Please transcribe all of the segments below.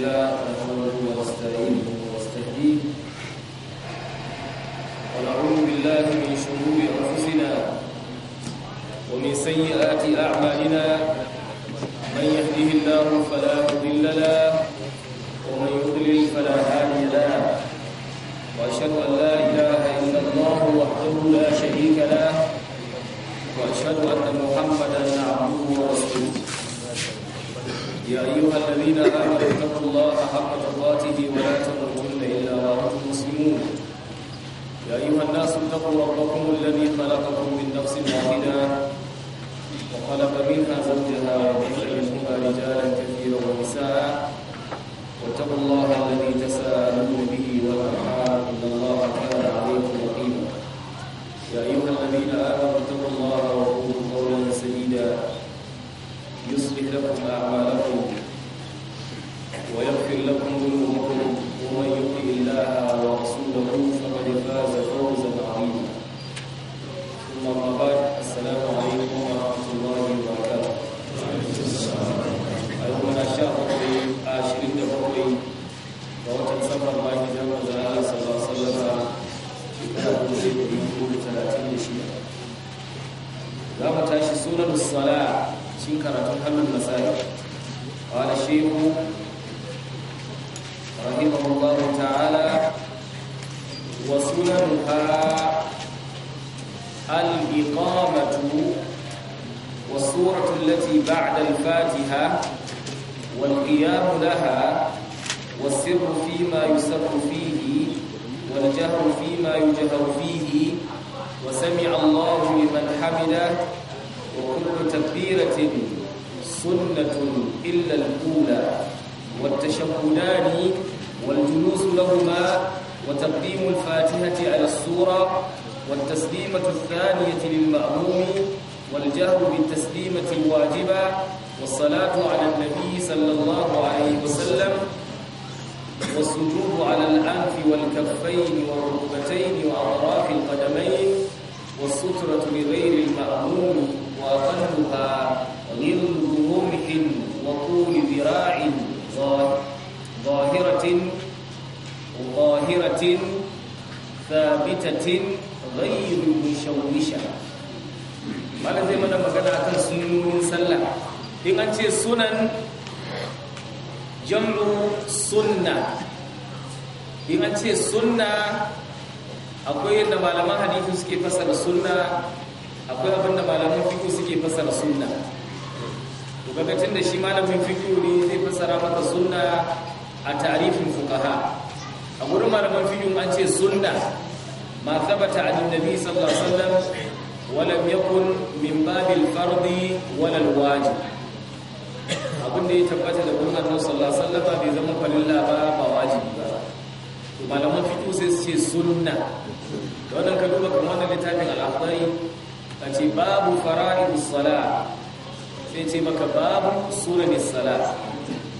لله والصورة التي بعد الفاتحة والقيام لها والسر فيما يسر فيه والجهر فيما يجهر فيه وسمع الله لمن حمده وكل تكبيرة سنة إلا الأولى والتشهدان والجلوس لهما وتقديم الفاتحة على السورة والتسليمة الثانية للمأموم والجهر بالتسليمة واجبا والصلاة على النبي صلى الله عليه وسلم والسجود على الأنف والكفين والركبتين وأطراف القدمين والسترة لغير المأموم وأقلها غلظ رمح وطول ذراع ظاهرة ظاهرة ثابتة غير مشوشة malam zai mana magana akan sunnonin sallah in an ce sunan jamlu sunna in an ce sunna akwai yadda malaman hadisi suke fassara sunna akwai abin da malaman fiqh suke fassara sunna to kaga tunda shi malamin fiqh ne zai fassara maka sunna a ta'rifin fuqaha a gurin malaman fiqh an ce sunna ma thabata an nabi sallallahu alaihi wasallam walam yakun min babil fardi wala alwajib abin da ya tabbata da gurin Allah sallallahu alaihi wasallam bai zama farilla ba ba wajibi ba to malaman fiqh sai su ce sunna wannan ka duba kamar wannan littafin al-akhdari a ce babu fara'idus salat sai ce maka babu sunanis salat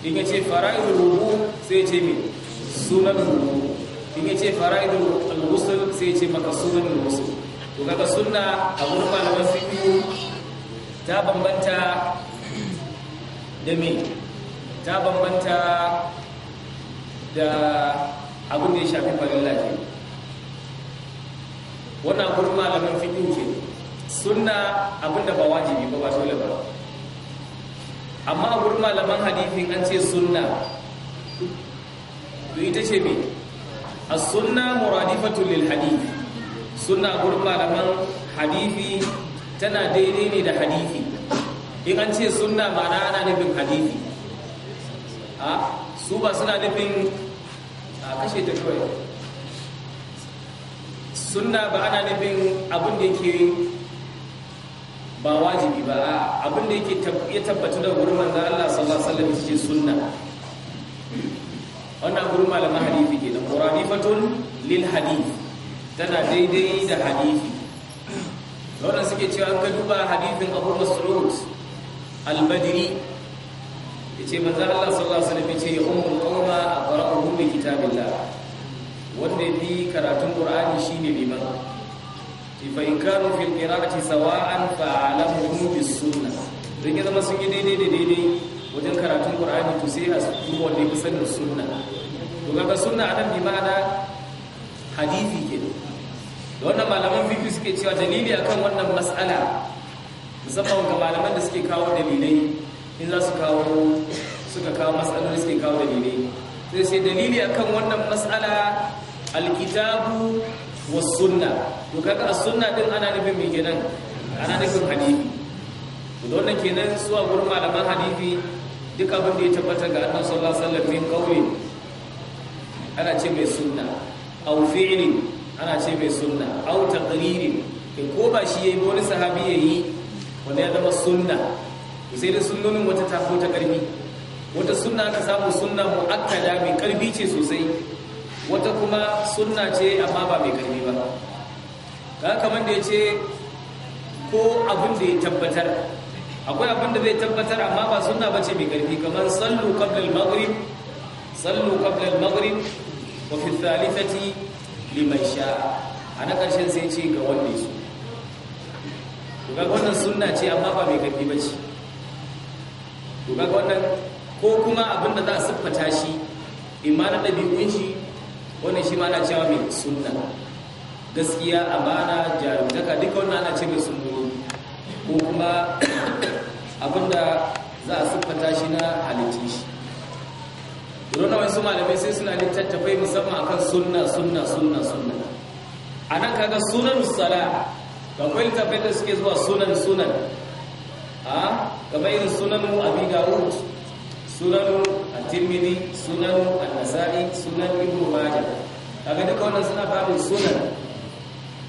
in ya ce fara'idul wudu sai ce me sunan wudu in ya ce fara'idul ghusl sai ce maka sunan ghusl to kaga sunna a gurin malaman ta bambanta da me ta bambanta da abin da ya shafi farilla ce wannan gurin malaman fiqh ce sunna abin da ba wajibi ba ba dole ba amma a malaman hadithin an ce sunna to ita ce me as-sunna muradifatun lil hadith sunna da malaman hadifi tana daidai ne da hadifi in an ce sunna na ana nufin hadifi a su ba suna nufin a kashe ta kawai sunna ba ana nufin abin da yake ba wajibi ba abin da yake ya tabbatu da gurba da Allah sallallahu alaihi wasallam shi sunna wannan gurin malaman hadithi da qurani fatun lil hadifi. tana daidai da hadithi wannan suke cewa an ka duba hadithin Abu Mas'ud al-Badri yace manzo Allah sallallahu alaihi wasallam yace ummul qawma aqra'uhum bi kitabillah wanda bi karatun Qur'ani shine liman fa Kano kanu fi qira'ati sawa'an fa alamuhum bis sunnah dan ya zama sun yi daidai da daidai wajen karatun Qur'ani to sai a su wanda ya sanin suna. to kaga sunna anan bi ma'ana hadisi kenan da wannan malaman fiki suke cewa dalili akan wannan mas'ala musamman ga malaman da suke kawo dalilai in za su kawo suka kawo mas'alar suke kawo dalilai sai sai dalili akan wannan mas'ala alkitabu was sunna to kaga as-sunna din ana nufin me kenan ana nufin hadisi to wannan kenan su a gurin malaman hadisi duk abin da ya tabbata ga annabi sallallahu alaihi wasallam min qawli ana ce mai sunna aw fi'lin ana ce mai sunna au taqririn ke ko ba shi yayi wani sahabi yayi wanda ya zama sunna sai da sunnonin wata ta ta ƙarfi. wata sunna aka samu sunna muakkada mai ƙarfi ce sosai wata kuma sunna ce amma ba mai ƙarfi ba kaga kamar da yace ko abin da ya tabbatar akwai abin da zai tabbatar amma ba sunna bace mai karfi kamar sallu qabla al-maghrib sallu qabla al-maghrib wa fi liman sha, a na ƙarshen sai ce ga wanda ya so ga wannan suna ce amma ba mai karfi ba ce ga wannan ko kuma abin da za a siffata shi imanin ɗabi'un shi wannan shi ma na cewa mai suna. gaskiya amana jarumtaka duka wannan ana ce mai suna ko kuma abin da za a siffata shi na halittin shi Rona wasu malamai sai suna littattafai musamman akan sunna sunna sunna sunna. A nan kaga sunan sala ga kwai littattafai da suke zuwa sunan sunan. A kamar yin sunan Abi Dawud, sunan Atimini, tirmidhi sunan An-Nasa'i, sunan Ibn Majah. Kaga duka wannan suna babin sunan.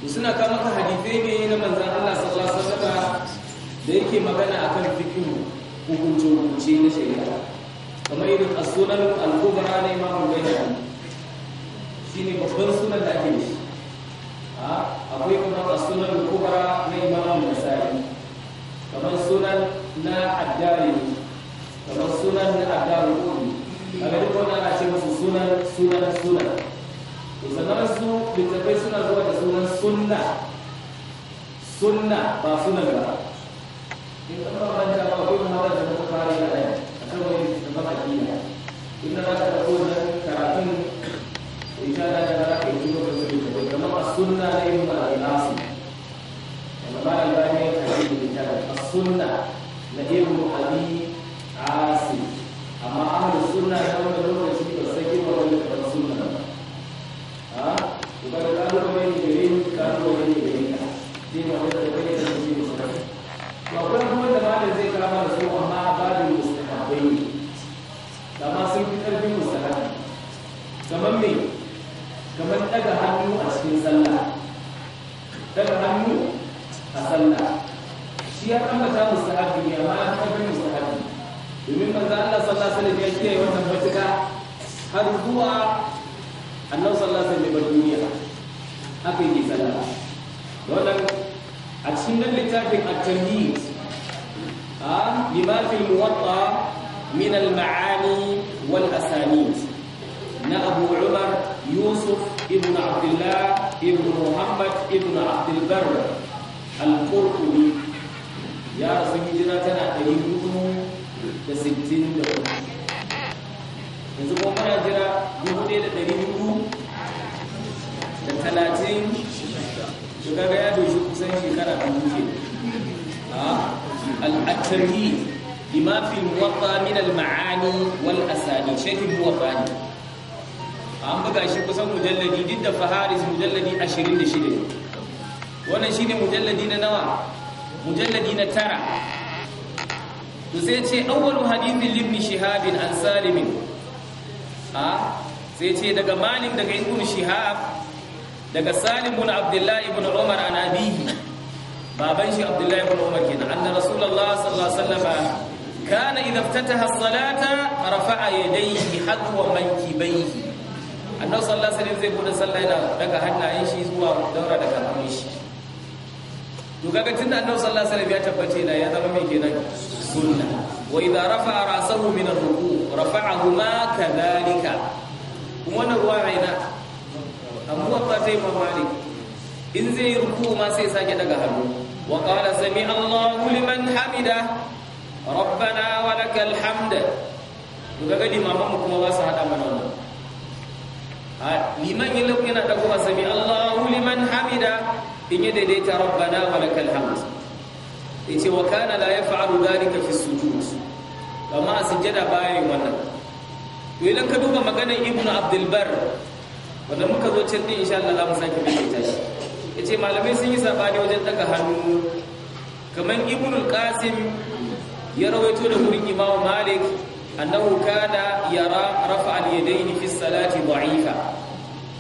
Suna kama ka hadithai ne na manzon Allah sallallahu alaihi wasallam da yake magana akan fikihu hukunce-hukunce na shari'a. kamar irin a sunan al-kubra na Imam al-Bayhaqi shine babban sunan da ake da shi akwai kuma a sunan al-kubra na ma al-Nasa'i kamar sunan na ad kamar sunan na ad-Darimi kaga duk wannan ana ce musu sunan sunan sunan to sannan su littafai suna zuwa da sunan sunna sunna ba sunan ba in kuma ban ta ba ko kuma da ta fara da akan wani aƙida inda za ka ɗauko da karatun ishara da za ka yi tuno as-sunna na ibn al-qasim da ba da ba ne ka yi as-sunna na ibn abi asim salim ya kiyaye wannan matuka har zuwa annabi sallallahu alaihi wasallam duniya haka yake sallah wannan a cikin nan littafin at-tamhid a lima fil muwatta min al-ma'ani wal asanid na Abu Umar Yusuf ibn Abdullah ibn Muhammad ibn Abdul Barr al-Qurtubi ya rasu hijira tana 464 yanzu ko kana jira dubu ɗaya da ɗari hudu da talatin to kaga ya doshi kusan shekara dubu ke ah, al'atari lima fi muwatta min al-ma'ani wal asani shaykh muwatta an buga shi kusan mujalladi duk da faharis mujalladi 26 wannan shine mujalladi na nawa mujalladi na tara to sai ce awwalu hadithin ibn shihab an salim a sai ce daga malik daga ibn shihab daga salim ibn abdullahi ibn umar an abihi baban shi abdullahi ibn umar kenan anna rasulullah sallallahu alaihi wasallam kana idza iftataha as-salata rafa'a yadayhi hadwa mankibayhi annabi sallallahu alaihi wasallam zai bude sallah yana daga hannayen shi zuwa daura daga hannun shi to kaga tunda annabi sallallahu alaihi wasallam ya tabbace da ya zama mai kenan sunna وإذا رفع رأسه من الركوع رفعهما كذلك وانا رواينا أبو أبطي مالك إن زي ركوع ما سيساك دقهر وقال سمع الله لمن حمده ربنا ولك الحمد وكذا الإمام كما واسع أمنا liman yi lafi yana ɗago a sami Allahu liman hamida in yi daidaita rabbana wa lakal hamd ya ce wa kana la ya fa'alu dalika fi sujud amma a sujjada baya yin wannan to idan ka duba maganar ibn Abdulbar? bar wanda muka zo can din insha Allah za mu sake maimaita shi yace malamai sun yi sabani wajen daga hannu kamar ibn al ya rawaito da wurin imamu malik annahu kana yara rafa al-yadayn fi salati da'ifa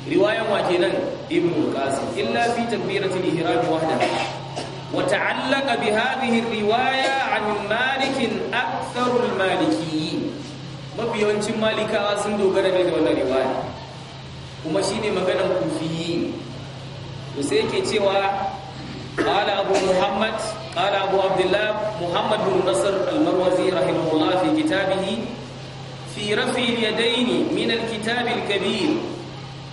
riwayan wa kenan ibn al-qasim illa fi takbiratul ihram wahdahu وتعلق بهذه الروايه عن مالك اكثر المالكيين مبيونتي مالكا سن دوغره ne da wannan kuma shine maganan kufiyi to sai yake cewa qala muhammad qala abu abdullah muhammad bin nasr al-marwazi rahimahullah fi kitabih fi min al-kitab kabir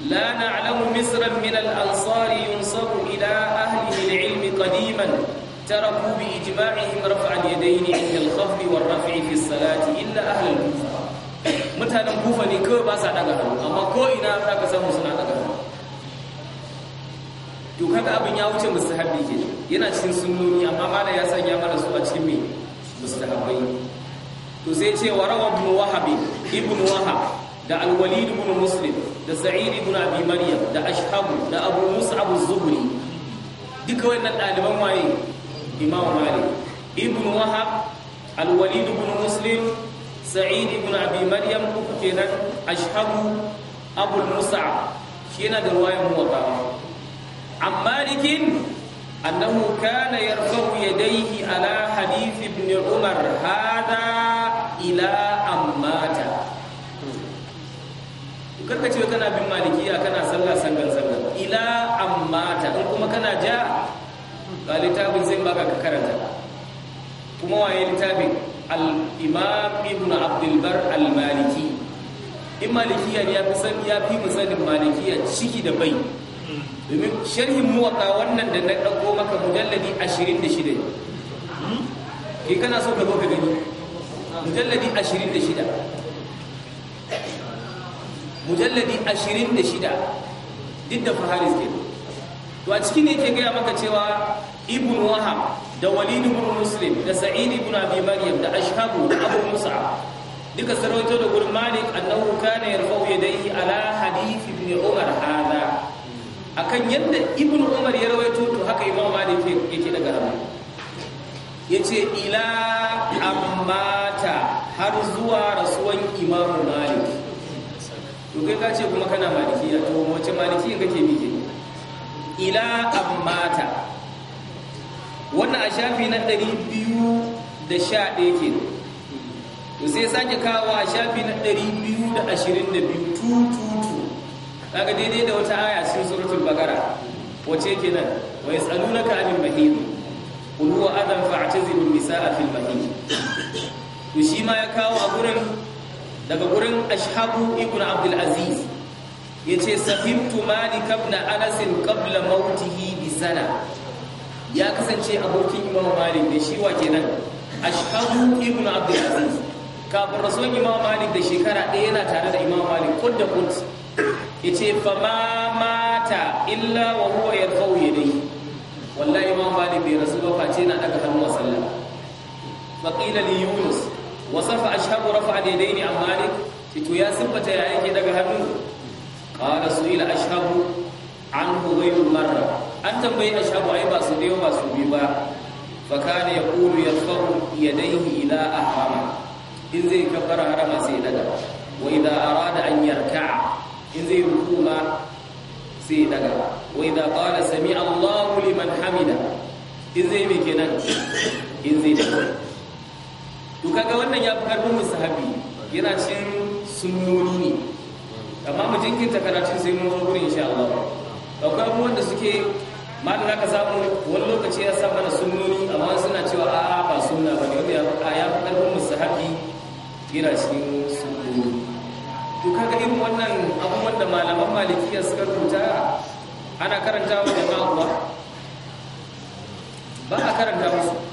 لا نعلم مصرا من الأنصار ينصب إلى أهله العلم قديما تركوا بإجماعهم رفع اليدين عند الخفض والرفع في الصلاة إلا أهل الكوفة mutanen kufa ne kawai ba sa daga hannu amma ko ina za ka samu suna daga hannu to kaga abin ya wuce mustahabi ke yana cikin sunnoni amma mana ya sanya mara su a cikin me mustahabai to sai ce wa rawa ibn wahab ibn wahab da al-walid ibn muslim da sa'id ibn abi maryam da ashhabu da abu mus'ab az-zuhri duka wannan daliban waye imam malik ibn wahab al-walid ibn muslim sa'id ibn abi maryam ku kenan ashhabu abu mus'ab shi yana da ruwayan muwatta amma likin أنه كان يرفع يديه ala حديث Ibn Umar, هذا ila أن مات karka ce kana bin malikiya kana sallah sangan sangan ila amma ta in kuma kana ja ga littafin zai baka ka karanta kuma waye littafin al-imam ibn abdul bar al-maliki in malikiya ne ya fi san ya fi musalin malikiya ciki da bai domin sharhin muwaka wannan da na dauko maka mujalladi 26 ke kana so ka zo ka gani mujalladi 26 mujalladi ashirin shida duk da faharis ke to a cikin ne ke gaya maka cewa ibn wahab da walid ibn muslim da sa'id ibn abi maryam da ashabu da abu musa duka sarauto da gurin malik annahu kana yarfau yadayhi ala hadith ibn umar hada akan yadda ibn umar ya rawaito to haka imam malik yake daga rawa yace ila ta har zuwa rasuwan imam malik to kai ka ce kuma kana malikiya to wace malikiya kake bi ke ila ammata wannan a shafi na 211 ke to sai sake kawo a shafi na 222 tututu kaga daidai da wata aya sun suratul bagara wace kenan wa yasalunaka anil mahid qul huwa adan fa'tazilu an-nisaa fil mahid to shi ma ya kawo a gurin daga gurin ashabu ibn abdul aziz yace safimtu malik ibn anas qabla mautihi bi sana ya kasance abokin imam malik da shi wa kenan ashabu ibn abdul aziz kafin rasuwan imam malik da shekara ɗaya yana tare da imam malik kud da kud yace fa ma mata illa wa huwa yarfau yadayhi wallahi imam malik bai rasu ba face na daga hannu sallah faqila li yunus wasafa ashabu rafa daidaini an malik shi to ya siffata ya yake daga hannu qala su'ila ashabu anhu ghayru marra an tambayi ashabu ai ba su da ba su bi ba fa kana yaqulu yarfa'u yadayhi ila ahrama in zai kabbara harama sai daga wa idha arada an yarka'a in zai rukuma sai daga wa idha qala sami Allahu liman hamida in zai me kenan in zai daga to kaga wannan ya fi karfin musahabi yana cin sunnoni ne amma mu jinkinta karatun sai mun gurin insha Allah akwai abubuwan da suke malin naka samu wani lokaci ya sa da sunnoni amma suna cewa a'a ba sunna bane wanda ya fi ya fi karfin musahabi yana cin sunnoni to kaga irin wannan abubuwan da malaman malikiya suka rubuta ana wa jama'a ba a karanta musu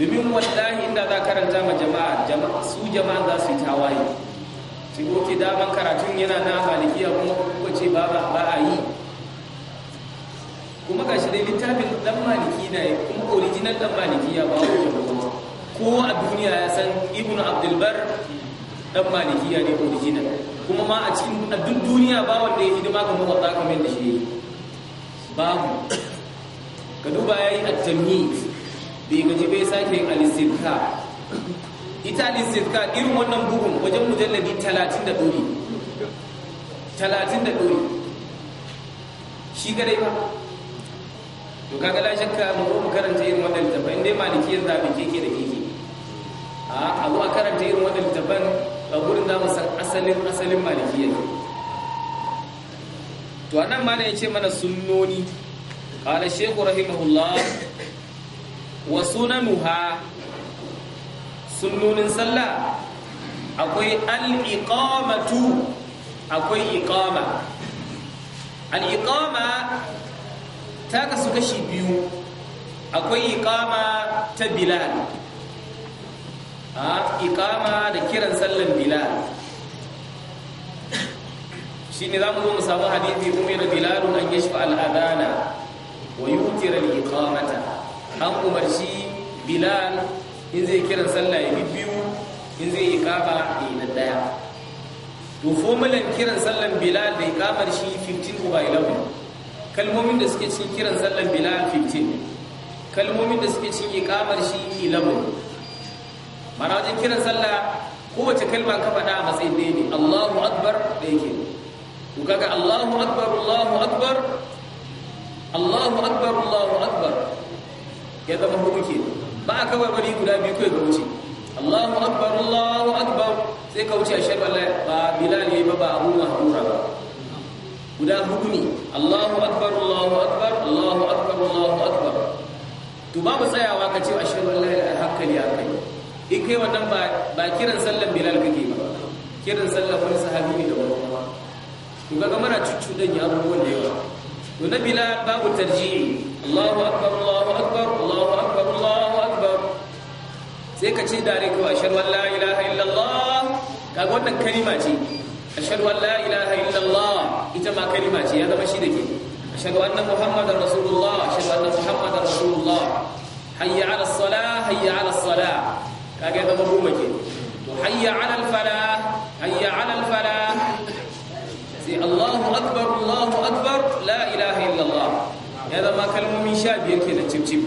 domin wallahi inda za karanta ma jama'a su jama'a za su yi tawaye shi goke daman karatun yana na malikiya kuma kuka ce ba a yi kuma shi dai littafin dan maliki na yi kuma original dan maliki ya ba ko a duniya ya san ibn abdulbar dan maliki ya ne original kuma ma a cikin duk duniya ba wanda ya hidima kamar wata kamar da shi babu ka duba ya yi a tamyiz bai gaji bai sake yin alistitka ita alisirka irin wannan bugun wajen mujalladi talatin da ɗori talatin da ɗori shi gare ba to kaga la shakka mu mu karanta irin wannan littafin dai maliki yanzu abin keke da keke a abu a karanta irin wannan littafin a gurin za mu san asalin asalin maliki yanzu to anan mana ne ce mana sunnoni قال الشيخ رحمه الله wa sunanuha sunnunin sallah akwai al'iqamatu akwai iqama al'iqama ta kasu kashi biyu akwai iqama ta bilal a iqama da kiran sallan bilal shi ne za mu zo mu samu hadithi umar bilalun an yashfa al'adana wa yutira al'iqamata an umarci bilal in zai kiran sallah ya bi biyu in zai yi kaba ya yi na daya to fomulan kiran sallan bilal da ikamar shi 15 over 11 kalmomin da suke cikin kiran sallan bilal 15 kalmomin da suke cikin ikamar shi 11 mana wajen kiran sallah kowace kalma ka faɗa a matsayin ɗaya ne Allahu akbar da yake ku kaga Allahu akbar Allahu akbar Allahu akbar Allahu akbar ya zama hudu ke ba a kawai wani guda biyu kai ga wuce Allahu akbar Allahu akbar sai ka wuce ashhadu an ba bilal ba ba ba guda hudu ne Allahu akbar Allahu akbar Allahu akbar Allahu akbar to tsayawa ka ce ashhadu an in kai wannan ba kiran sallan bilal kake ba kiran sallan wani sahabi ne da wani kuma ya abubuwan da yawa to bila bilal babu tarji'i Allahu akbar Allahu akbar Allahu akbar Allahu akbar sai ka ci dare ko ashhadu an la illallah wannan kalima ce ashhadu an la illallah ita ma kalima ce ya zama shi dake ashhadu anna muhammadar rasulullah ashhadu anna muhammadar rasulullah hayya ala salah hayya salah kaga ya zama goma ke to zama kalmomi sha biyar ke na cif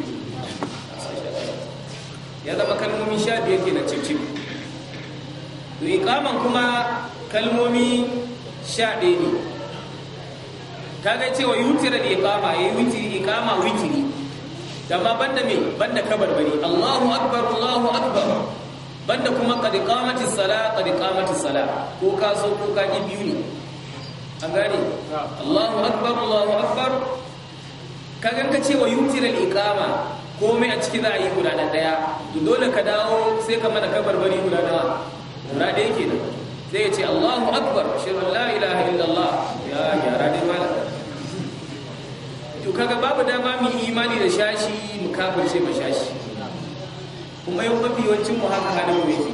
ya zama kalmomi sha biyar ke na cif to ikaman kuma kalmomi sha ɗaya ne ta ga cewa yutira da ikama ya yi witiri ikama wutiri da ma banda me banda kabar bari Allahu akbar Allahu akbar banda kuma kadi qamatis sala kadi qamatis sala ko ka so ko ka ji biyu ne an gane Allahu akbar Allahu akbar kagan ka ce wa yumtiral ko komai a ciki za a yi guda da daya dole ka dawo sai ka mana bari guda da guda da yake da sai ya ce Allahu akbar ashhadu la ilaha illallah ya gyara da malaka to kaga babu dama mu imani da shashi mu kafirce ma shashi kuma yau mafi yawancin mu haka halin mu yake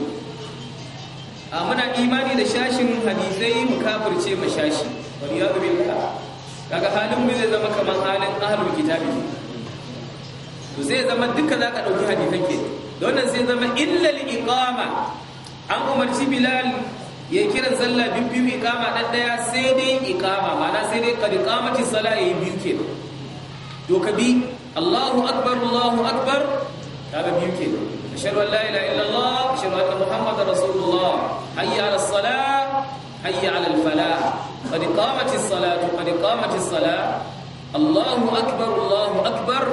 a muna imani da shashin hadisai mu kafirce ma shashi Wani yadu billah kaga halin mu zai zama kamar halin ahlul kitabi to zai zama duka zaka dauki hadisan ke don nan zai zama illal iqama an umarci bilal ya kira sallah bin biyu iqama dan daya sai dai iqama mana sai dai kad iqamati salah yayi biyu kenan to bi Allahu akbar Allahu akbar kaga biyu kenan ashhadu an la ilaha illallah ashhadu anna muhammadar rasulullah hayya ala salah hayya ala al falah قد قامت الصلاة قد قامت الصلاة الله أكبر الله أكبر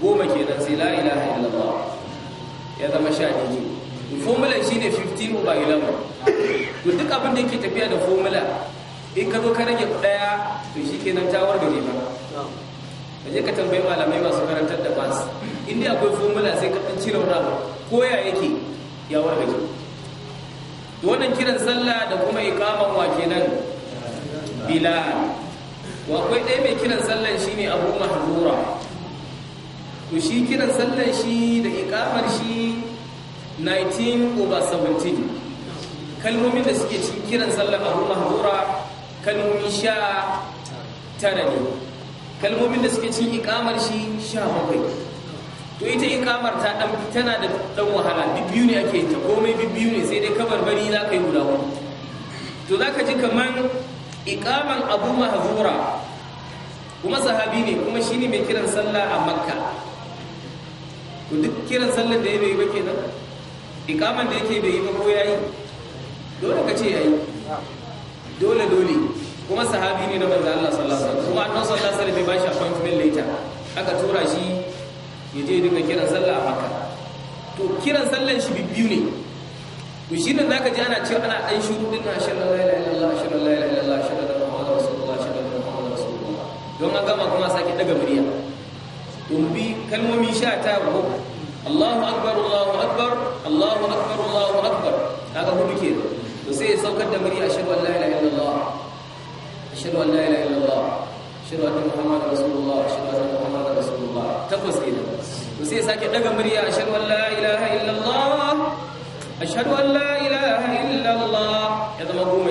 goma kenan nan sai la ilaha illallah ya zama sha biyu formula shine 15 over 11 to duk abin da yake tafiya da formula in ka zo ka rage daya to shikenan ta ne ba kaje ka tambayi malamai masu karantar da bas in akwai formula sai ka dan cire wani ko ya yake ya wargare to wannan kiran sallah da kuma iqaman wa kenan bilal wa akwai ɗaya mai kiran sallan shi ne abu mahzura to shi kiran sallan shi da ikamar shi 19 over 17 kalmomin da suke cikin kiran sallan abu mahzura kalmomi sha tara ne kalmomin da suke cikin ikamar shi sha bakwai to ita ikamar ta dan tana da dan wahala biyu ne ake ta komai biyu ne sai dai bari za ka yi guda wani to za ka ji kamar ikaman abu mahzura kuma sahabi ne kuma shine mai kiran sallah a makka to duk kiran sallar da ya bai ba kenan ikaman da yake bai yi ba ko yayi dole ka ce yayi dole dole kuma sahabi ne na manzo Allah sallallahu alaihi wasallam kuma annabi sallallahu alaihi wasallam bai bashi appointment later aka tura shi ya je duka kiran sallah a makka to kiran sallan shi biyu ne to shi ne ji ana ce ana ɗan shuru din na shirin la ilaha illallah shirin la ilaha shirin da muhammadu rasulullah shirin da muhammadu rasulullah don an gama kuma sake daga murya to mu bi kalmomi sha ta Allahu akbar Allahu akbar Allahu akbar Allahu akbar kaga hudu ke to sai ya saukar da murya shirin la ilaha shirin la ilaha shirin da muhammadu rasulullah shirin da muhammadu rasulullah tabbas kenan to sai ya sake daga murya shirin la ilaha illallah أشهد أن لا إله إلا الله هذا مفهوم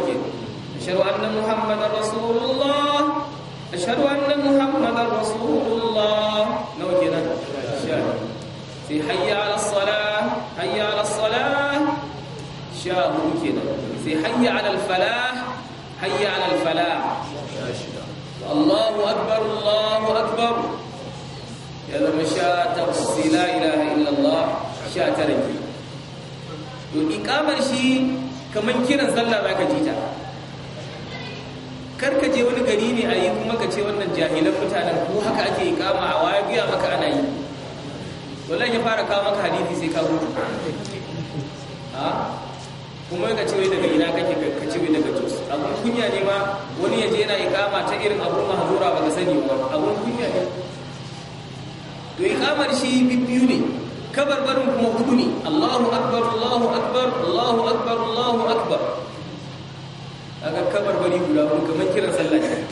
أشهد أن محمد رسول الله أشهد أن محمد رسول الله نوجنا في حي على الصلاة حي على الصلاة شاه ممكن في حي على الفلاح حي على الفلاح الله أكبر الله أكبر يا مشاء تقصي لا إله إلا الله شاة رجل to ikamar shi kamar kiran sallah zaka ji ta kar ka je wani gari ne a yi kuma ka ce wannan jahilan mutanen ko haka ake ikama a waya biya maka ana yi wallahi ya fara kawo maka hadisi sai ka gudu ha kuma ka ce wai daga ina kake ka ce wai daga jos abun kunya ne ma wani ya je yana ikama ta irin abun mahzura ba ka sani ba abun kunya ne to ikamar shi bibbiyu ne كبر برم موكوني الله أكبر الله أكبر الله أكبر الله أكبر أكبر كبر بني بلا بلك من كرة صلى الله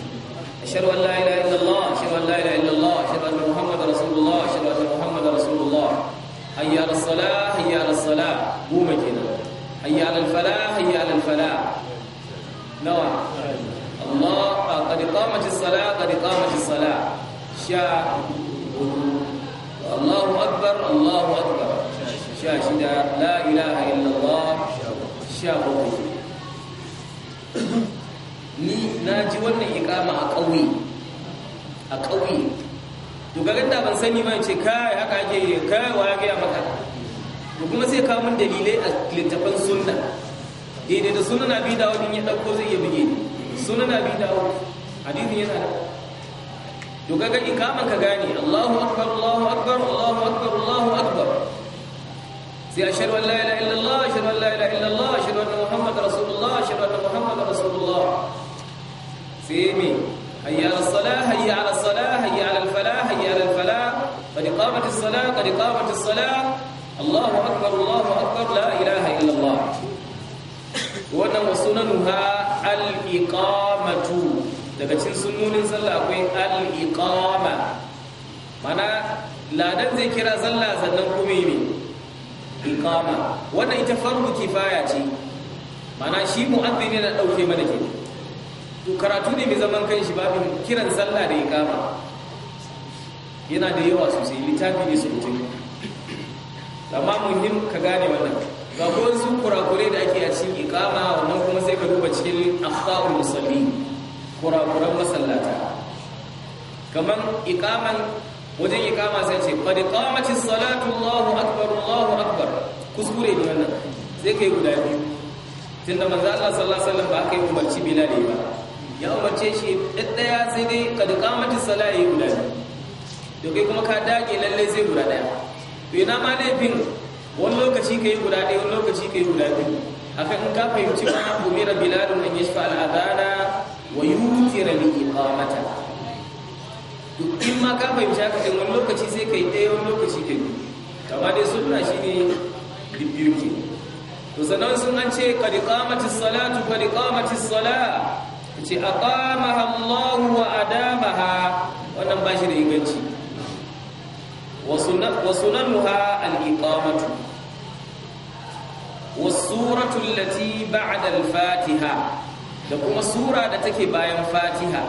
أشهد أن لا إله إلا الله أشهد أن لا إله إلا الله أشهد أن محمد رسول الله أشهد أن محمد رسول الله حي على الصلاة حي على الصلاة مو مجينا حي على الفلاح حي على الفلاح نوع الله قد قامت الصلاة قد قامت الصلاة شاء وضوء Allahu akbar Allahu akbar sha shida la ilaha illallah sha bakwai ni na ji wannan ikama a ƙauye a ƙauye to ga ganda ban sani ba ce kai haka ake kai wa ya maka to kuma sai ka mun dalilai a littafan sunna daidai eh, da sunan abi dawud in ya dauko zai iya buge ni sunan abi dawud hadisin yana da to kaga ikaman ka gane Allahu akbar Allahu akbar Allahu akbar Allahu akbar sai ashhadu an la ilaha illallah ashhadu an la ilaha illallah ashhadu anna muhammadar rasulullah ashhadu anna muhammadar rasulullah sai me hayya ala salah hayya ala salah hayya ala falah hayya ala falah qad qamat as-salah qad qamat as-salah Allahu akbar Allahu akbar la ilaha illallah wannan wasunanuha al-iqamatu daga cikin sunnonin sallah akwai al-iqama mana ladan zai kira sallah sannan kuma yi iqama wannan ita fardu kifaya ce mana shi mu'adhdhin na dauke mana ke to karatu ne mai zaman kan shi babin kiran sallah da iqama yana da yawa sosai littafi ne mutum amma muhim ka gane wannan ga ko su kurakure da ake a cikin iqama wannan kuma sai ka duba cikin akhta'ul musallin kurakuran masallata kaman ikaman wajen ikama sai ce qad qamatis salatu Allahu akbar Allahu akbar kuskure ne wannan sai kai guda biyu tunda manzo Allah sallallahu alaihi wasallam ba kai umarci Bilal ba ya umarce shi daddaya sai dai salatu, qamatis salati guda to kai kuma ka dage lalle sai guda daya to ina ma laifin wani lokaci kai guda daya wani lokaci kai guda biyu akan in ka fahimci ma umira Bilal an yashfa al-adana wa yutira li iqamata duk in ma ka fahimci haka din wani lokaci sai kai ɗaya wani lokaci kai amma dai sunna shine bibiyu ke to sanan sun an ce qad qamatis salatu wannan ba shi da inganci wa sunanuha al-iqamatu was suratu allati ba'da al-fatiha da kuma sura da take bayan fatiha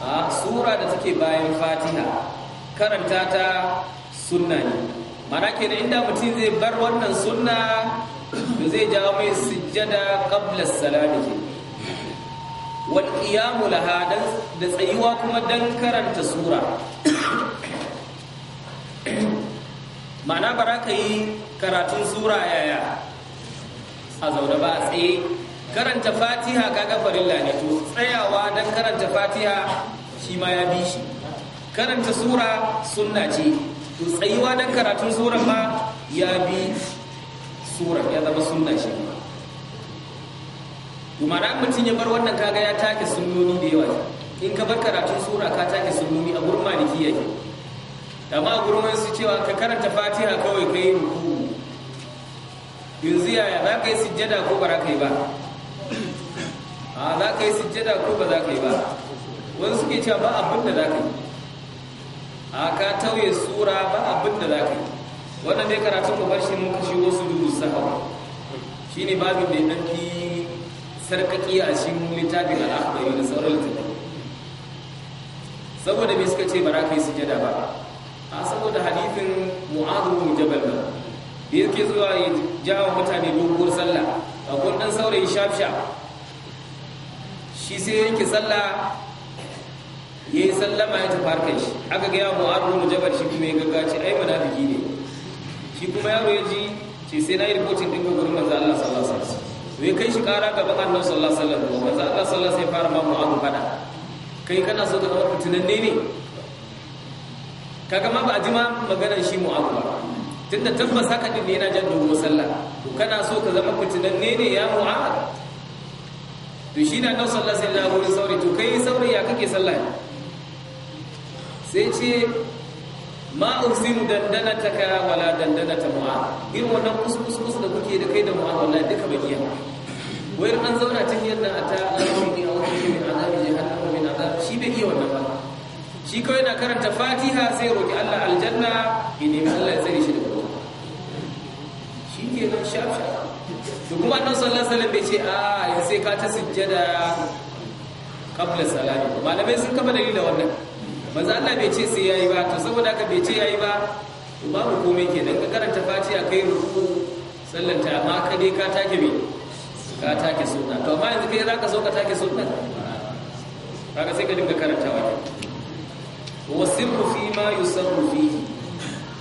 a ah, sura da take bayan fatiha karanta ta sunna ne mana kenan inda mutum zai bar wannan sunna to zai jawo mai sujjada kabla salami ke wal qiyamu da tsayuwa kuma dan karanta sura ma'ana bara ka yi karatun sura yaya a zaune ba a tsaye karanta fatiha kaga farilla ne to tsayawa dan karanta fatiha shi ma ya bi shi karanta sura sunna ce to tsayuwa dan karatun sura ma ya bi sura ya zama sunna ce kuma dan mutun ya bar wannan kaga ya take sunnoni da yawa in ka bar karatun sura ka take sunnoni a gurin maliki yake amma a su cewa ka karanta fatiha kawai kai ruku yanzu yaya za ka yi sujjada ko ba za ka yi ba a za ka yi sujjada ko ba za ka yi ba wani suke cewa ba abin da za ka yi a ka tauye sura ba abin da za ka yi wannan dai karatun ba bar shi mun kashi wasu dubu sahawa shi ne babin da ya ɗanfi sarƙaƙi a shi littafin al'akhdari da sauran littafi saboda me suka ce ba za ka yi sujjada ba a saboda hadifin mu'adu mu jabal ba da yake zuwa ya jawo mutane dogon sallah akwai ɗan saurayi shafshaf shi sai yake sallah ya yi sallama ya tafi harkar shi aka gaya mu arzu mu jabar shi kuma ya ce ai munafiki ne shi kuma yaro ya ji ce sai na yi rikotin din ga gurin manzo Allah sallallahu alaihi wasallam ya kai shi kara gaban Allah sallallahu alaihi wasallam manzo Allah sallallahu alaihi wasallam fara ma mu'adu fada kai kana so ka zama fitinanne ne kaga ma ba a ji ma maganar shi abu ba tunda tabbas haka din yana jan dogon sallah to kana so ka zama fitinanne ne ya mu'adu to shi na ɗausar lasar lamurin sauri to kai sauri ya kake sallah sai ce ma'uziru dandana ta ka wala dandana ta mu'a irin wannan kuskus da kuke da kai da mu'a wala duka bakiya wayar an zauna ta hiyar nan a ta alhamdulillah a wani min azabi jahannama min azab shi bai iya wannan ba shi kawai na karanta fatiha sai roƙi Allah aljanna ya nemi Allah ya tsare shi daga wuta shi ke nan shafa to kuma annabi sallallahu alaihi wasallam bai ce a ah, ya sai ka ta sujjada qabla salati malamai sun kafa dalili da wannan manzo Allah bai ce sai yayi ba to saboda ka bai ce yayi ba babu komai kenan ka karanta fatiha kai ruku sallanta amma ka dai ka take bi ka take sunna to amma yanzu kai zaka so ka take sunna kaga sai ka dinga karantawa wa sirru fi ma yusarru fihi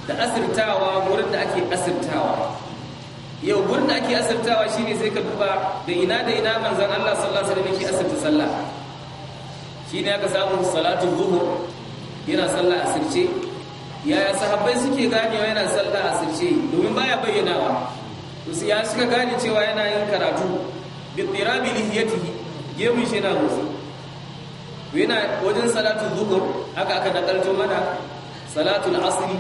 da asirtawa wurin da ake asirtawa yau gurin da ake asirtawa shine sai ka duba da ina da ina manzan Allah sallallahu alaihi wasallam yake asirta sallah shine aka samu salatu zuhur yana sallah asirce yaya sahabbai suke wa yana sallah asirce domin baya bayyanawa to sai ya suka gane cewa yana yin karatu bi tirabi lihiyatihi gemun shi na motsi yana wajen salatu zuhur haka aka nakalto mana salatul asri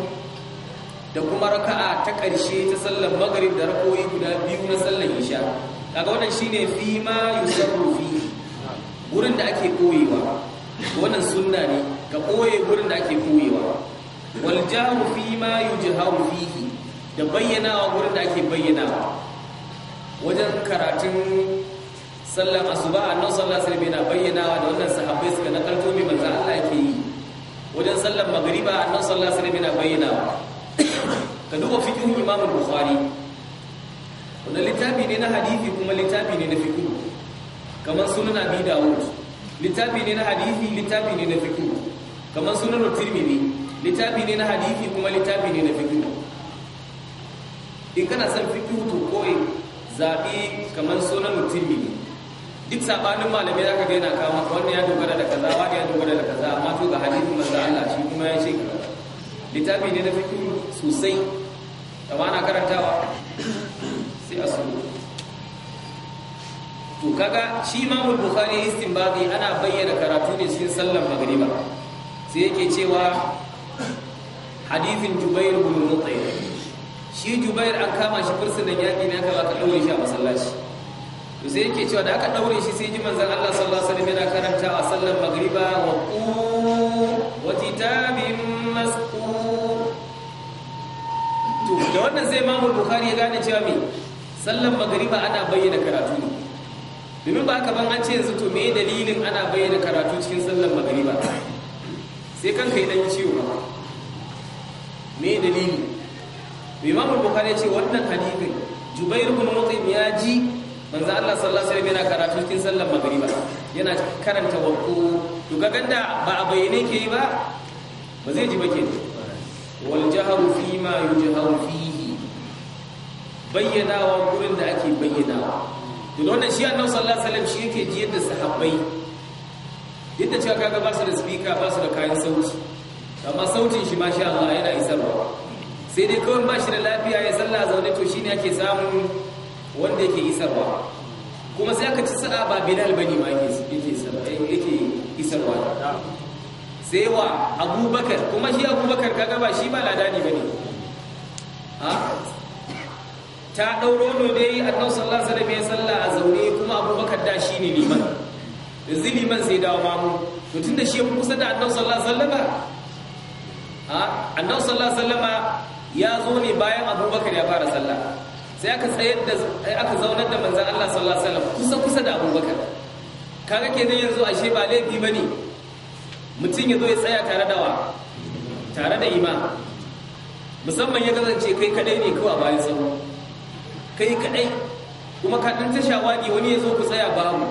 da kuma raka'a ta ƙarshe ta sallar magrib da rakoyi guda biyu na sallar isha kaga wannan shine fi ma yusarru fi wurin da ake koyewa wannan sunna ne ka koye wurin da ake koyewa wal jahru fi ma yujharu fihi da bayyanawa wurin da ake bayyanawa wajen karatun sallar asuba annabi sallallahu alaihi wasallam yana bayyanawa da wannan sahabbai suka nakalto mai manzo Allah yake yi wajen sallar magriba annabi sallallahu alaihi wasallam yana bayyanawa ka duba fikin imam bukhari wannan littafi ne na hadisi kuma littafi ne na fikihu kamar sunan abi dawud littafi ne na hadisi littafi ne na fikihu kamar sunan tirmidhi littafi ne na hadisi kuma littafi ne na fikihu in kana son fikihu to koi zabi kamar sunan tirmidhi duk sabanin malamai zaka ga yana kawo maka wannan ya dogara da kaza wani ya dogara da kaza amma to ga hadisi manzo Allah shi kuma ya ce littafi ne na fikihu sosai da ba na karantawa sai a suna to kaga shi mamul bukhari istinbadi ana bayyana karatu ne cikin sallar magriba sai yake cewa hadithin jubair bin mutayr shi jubair an kama shi da yaki ne aka baka daure shi a masallaci to sai yake cewa da aka daure shi sai ji manzon Allah sallallahu alaihi wasallam yana karanta a sallar magriba wa qu wa kitabim masqur da wannan sai Imam Bukhari ya gane cewa me sallan magariba ana bayyana karatu ne domin ba haka ban an ce yanzu to me dalilin ana bayyana karatu cikin sallan magariba sai kanka yi dan ciwo ba me dalili Imam Bukhari ya ce wannan hadisin Jubair ibn Mut'im ya ji manzo Allah sallallahu alaihi wasallam yana karatu cikin sallan magriba yana karanta waqo to ga ganda ba a bayyane ke yi ba ba zai ji ba ke wal jahru fi ma yujharu fihi wa gurin da ake bayyana. to wannan shi annabi sallallahu alaihi wasallam shi yake ji yadda sahabbai yadda cewa kaga ba su da speaker ba su da kayan sauti amma sautin shi masha Allah yana isarwa sai dai kawai ba shi da lafiya ya sallah zaune to shine ake samun wanda yake isarwa kuma sai aka ci sada ba bilal bane ma yake yake isarwa sai wa abubakar kuma shi abubakar ka gaba shi ba ladani ba ne ta ɗauro da dai a ɗau sallah wasallam mai salla a zaune kuma abubakar da shi ne liman yanzu liman sai dawo mamu mutum da shi ya kusa da ɗau sallah alaihi wasallam annabi sallallahu alaihi ya zo ne bayan abubakar ya fara sallah sai aka tsayar da aka zaunar da manzan Allah sallallahu alaihi wasallam kusa kusa da abubakar kaga kenan yanzu ashe ba laifi bane mutum ya zo ya tsaya tare da wa tare da ima musamman ya kasance kai kadai ne kawai a bayan tsawo kai kadai kuma ka dan ta shawagi wani ya zo ku tsaya babu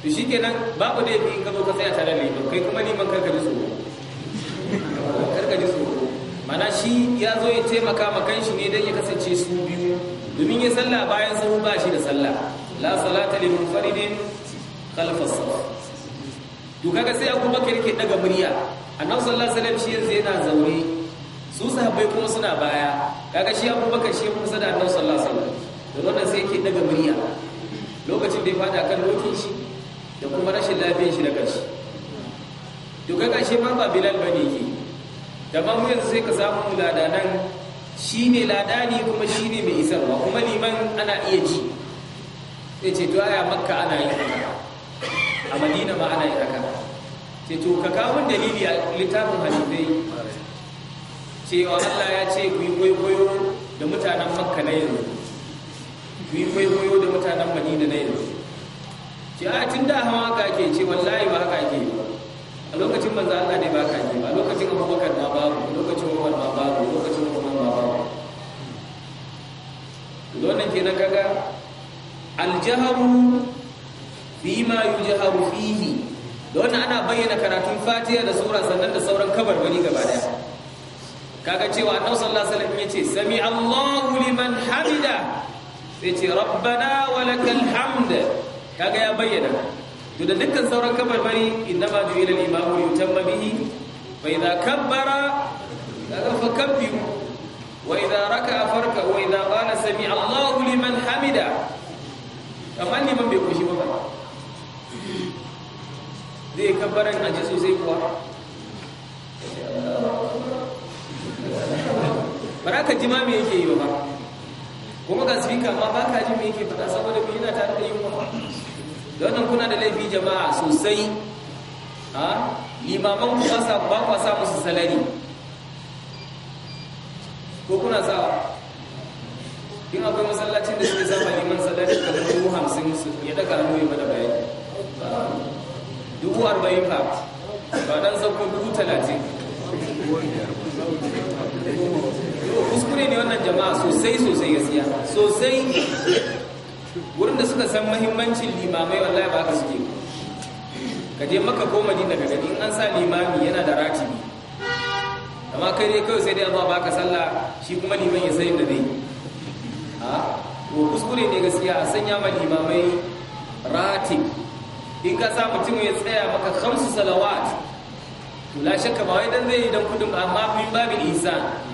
to shikenan babu da fi ka zo ka tsaya tare da liman kai kuma neman karka ji tsoro karka ji tsoro mana shi ya zo ya taimaka ma kanshi ne don ya kasance su biyu domin ya sallah bayan tsawo ba shi da sallah la salata ne faridin ne saf to kaga sai kuma yake daga murya annabi sallallahu alaihi wasallam shi yanzu yana zaure su sahabbai kuma suna baya kaga shi Bakar shi kusa da annabi sallallahu alaihi wasallam da wannan sai yake daga murya lokacin da ya fada kan dokin shi da kuma rashin lafiyar shi da karshe to kaga shi ma ba bilal bane yake da ma mu yanzu sai ka samu ladanan shine ladani kuma shine mai isarwa kuma liman ana iya ji sai ce to aya makka ana yi a madina ma ana yi haka ce to ka kawo dalili a littafin hadisai cewa Allah ya ce ku yi kwaikwayo da mutanen makka na yanzu ku yi kwaikwayo da mutanen madina na yanzu ce a tun da hawa haka ke ce wallahi ba haka ke a lokacin manzo Allah ne ba haka ke ba lokacin abubakar ma babu lokacin umar ma babu lokacin umar ma babu ke kenan kaga aljaharu bima yujharu fihi da wannan ana bayyana karatun fatiha da sura sannan da sauran kabar kabarbani gaba daya kaga cewa annabi sallallahu alaihi wasallam yace sami Allahu liman hamida sai ce rabbana walakal hamd kaga ya bayyana to da dukkan sauran kabar kabarbari innama ma, al-imamu yutamma bihi fa idza kabbara kaga fa kabbiru wa idza raka'a farka wa idza qala sami Allahu liman hamida kamar liman bai kushi ba zai kabbaran a ji sosai kuwa ba za ka ji ma me yake yi ba kuma ga speaker ma ba ka ji me yake faɗa saboda mu yana tare da kuma. da wannan kuna da laifi jama'a sosai a limaman ku ba kwa sa musu salari ko kuna sa in akwai masallacin da suke zama liman salari kamar sosai wurin da suka san mahimmancin limamai wallahi ba ka suke ka je maka ko madina ga gani an sa limami yana da ratibi amma kai ne kawai sai dai Allah baka sallah shi kuma liman ya sai da dai ha ko kuskure ne gaskiya a sanya ma limamai rati in ka sa mutum ya tsaya maka khamsu salawat to la shakka ba wai dan zai yi dan kudin amma bin babin ihsan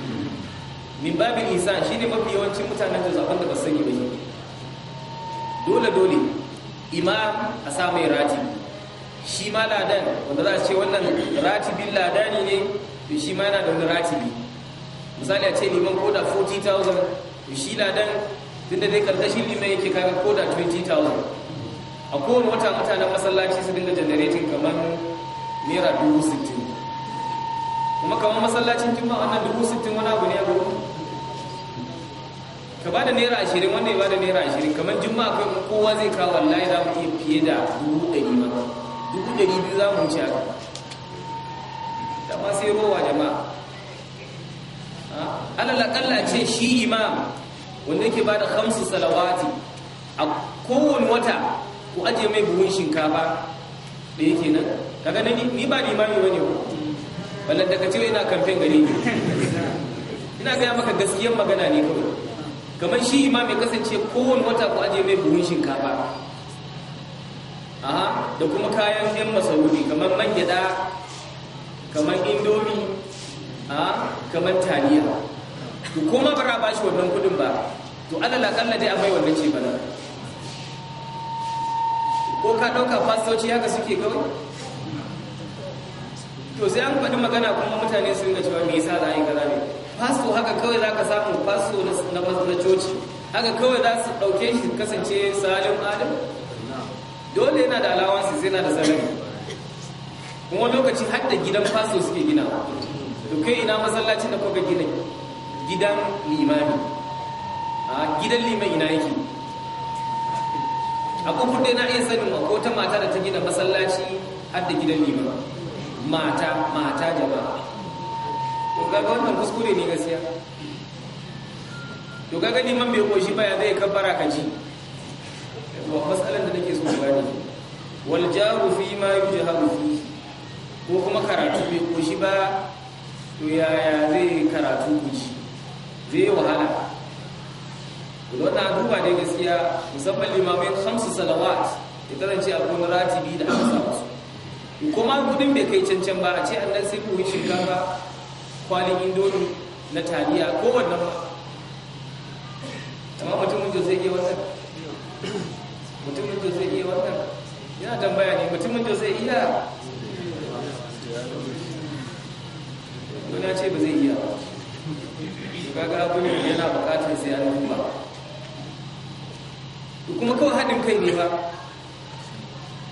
min babin isa shine mafi yawancin mutanen da zaben da ba sani ba dole dole imam a sa mai ratibi shi ma ladan wanda za a ce wannan ratibin ladani ne to shi ma yana da wani ratibi misali a ce liman koda 40,000 to shi ladan tun da dai karkashin liman yake kaga koda 20,000 a kowane wata mutanen masallaci su dinga janaretin kamar naira 60,000 kuma kamar masallacin juma'a wannan dubu sittin wani abu ne a gudu ka ba da naira ashirin wanda ya ba da naira ashirin kamar juma'a kai kowa zai kawo wallahi za mu iya fiye da dubu ɗari ma dubu ɗari biyu za mu wuce a da ma sai rowa jama'a ah, alal akalla ce shi imam wanda yake ba da hamsu salawati a kowane wata ku ajiye mai buhun shinkafa da yake nan kaga ni ba limami bane ba ballan daga cewa ina kamfen gari ne ina gaya maka gaskiyar magana ne kawai kamar shi ma mai kasance kowane wata ko ajiye mai buhun shinkafa aha da kuma kayan yan masarufi kamar man gida kamar indomi a kamar taliya to kuma bara ba shi wannan kudin ba to alal lakalla dai a mai wannan ce bana ko ka dauka fasoci haka suke kawai to sai an faɗi magana kuma mutane sun ga cewa me yasa za a yi kaza ne fasto haka kawai za ka samu fasto na coci. haka kawai za su ɗauke shi kasance salim adam dole yana da alawansu sai yana da salami kuma lokaci har da gidan fasto suke gina to kai ina masallacin da kuka gina gidan limami a gidan liman ina yake a kofar da na iya sanin ko ta mata da ta gina masallaci har da gidan liman mata mata jama'a to kaga wannan kuskure ne gaskiya to kaga ni man bai koshi ba ya zai kabbara ka ji to masalan da nake so ba ne wal jaru fi ma yujharu fi ko kuma karatu bai koshi ba to yaya zai karatu ji? zai wahala na duba dai gaskiya musamman limamin hamsu salawat ya kasance akwai ratibi da hamsa kuma kudin bai kai cancan ba a ce an nan sai kuhun shinkafa kwalin indomi na taliya ko wannan ba amma mutumin da zai iya wannan mutum da zai iya wannan yana tambaya ne mutumin da zai iya wani ce ba zai iya ba kaga abin yana bukatar sai an ba kuma kawai haɗin kai ne ba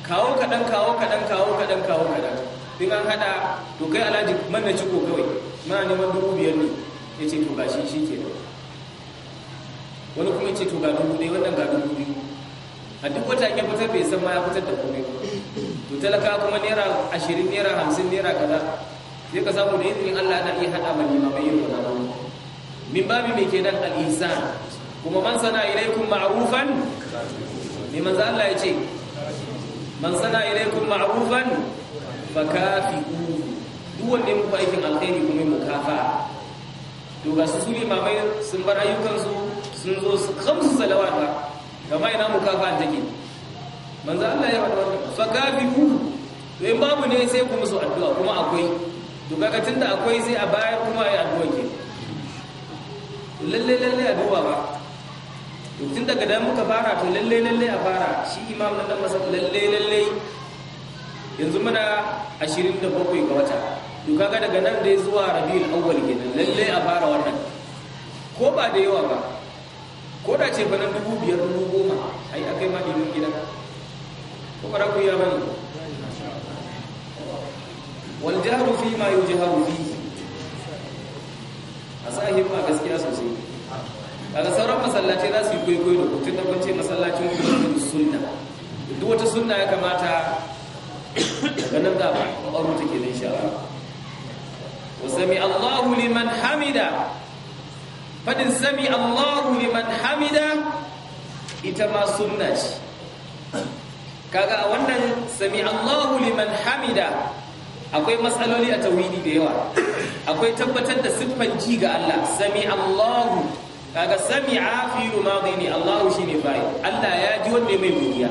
kawo kaɗan kawo kaɗan kawo kaɗan kawo kaɗan in an haɗa to kai alhaji manna ciko kawai ma neman dubu biyar ne ya ce to ga shi shi ke wani kuma ce to ga dubu ɗaya wannan ga dubu biyu a duk wata ake fitar bai san ma ya fitar da komai to talaka kuma naira ashirin naira hamsin naira kaza sai ka samu da izinin allah na iya haɗa ma mai limamai yin kaza min babi mai nan Al'isa? kuma man sana ilaikum ma'arufan neman za allah ya ce man sana ilaikum ma'rufan fakafi'u duk wanda ya muku aikin alkhairi kuma ya mukafa to ga su sune mamai sun bar ayyukan su sun zo su kamsu salawata ba gama ina mukafa take manzo Allah ya faɗa wannan fakafi'u to in babu ne sai ku musu addu'a kuma akwai to kaga tunda akwai sai a bayar kuma ai addu'a ke lalle lalle a ba to tun daga da muka fara to lalle lalle a fara shi imam nan da masa lalle lalle yanzu muna 27 ga wata to kaga daga nan dai zuwa rabiul awwal kenan lalle a fara wannan ko ba da yawa ba ko da ce bana dubu biyar goma ai akai ma dimin gidan ko fara ku ya bani wal jahru fi ma yujharu fihi a sahib ma gaskiya sosai daga sauran masallaci za su yi kwaikwayo da kutun da ce masallacin kwaikwayo sunna duk wata sunna ya kamata daga nan da ta ke nan sha wa sami Allahu liman hamida fadin sami Allahu liman hamida ita ma sunna ce kaga a wannan sami Allahu liman hamida akwai matsaloli a tawhidi da yawa akwai tabbatar da siffar ji ga Allah sami Allahu kaga sami'a fi rumadi Allah shine bai Allah ya ji wanda mai godiya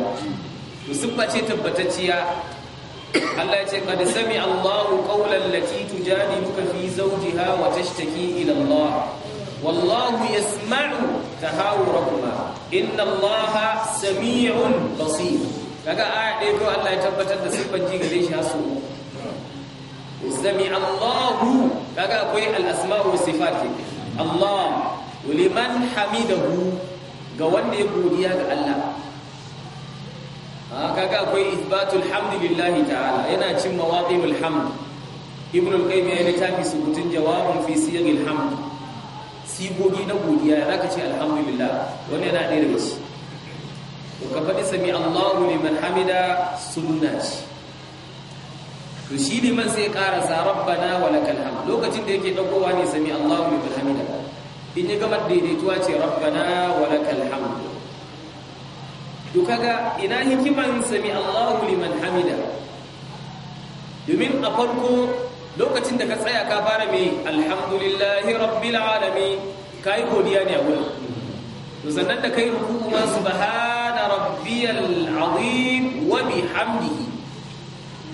to siffa ce tabbatacciya Allah ya ce qad sami Allah qawlan lati tujadiluka fi zawjiha wa tashtaki ila Allah wallahu yasma'u tahawurakuma inna Allah sami'un basir kaga aya ɗaya ko Allah ya tabbatar da siffan ji gare shi hasu sami Allah kaga akwai al-asma'u wa sifat Allah liman hamidahu ga wanda ya godiya ga Allah ah, kaga akwai ithbatul hamdi lillahi ta'ala yana cin mawaqimul hamd ibn al-qayyim ya littafi subutun jawabun fi siyagil hamd sigogi na godiya zaka ce alhamdulillah wani yana ɗaya daga shi ka faɗi sami Allahu liman hamida sunna ce to shi liman sai ƙarasa rabbana wa lakal hamd lokacin da yake ɗaukowa ne sami Allahu liman hamida in gamar daidaituwa ce rabbana wa lakal hamd to kaga ina hikiman sami Allahu liman hamida domin a farko lokacin da ka tsaya ka fara mai alhamdulillahi rabbil alamin kai godiya ne a gurin to sannan da kai ruku ma subhana rabbiyal azim wa bihamdihi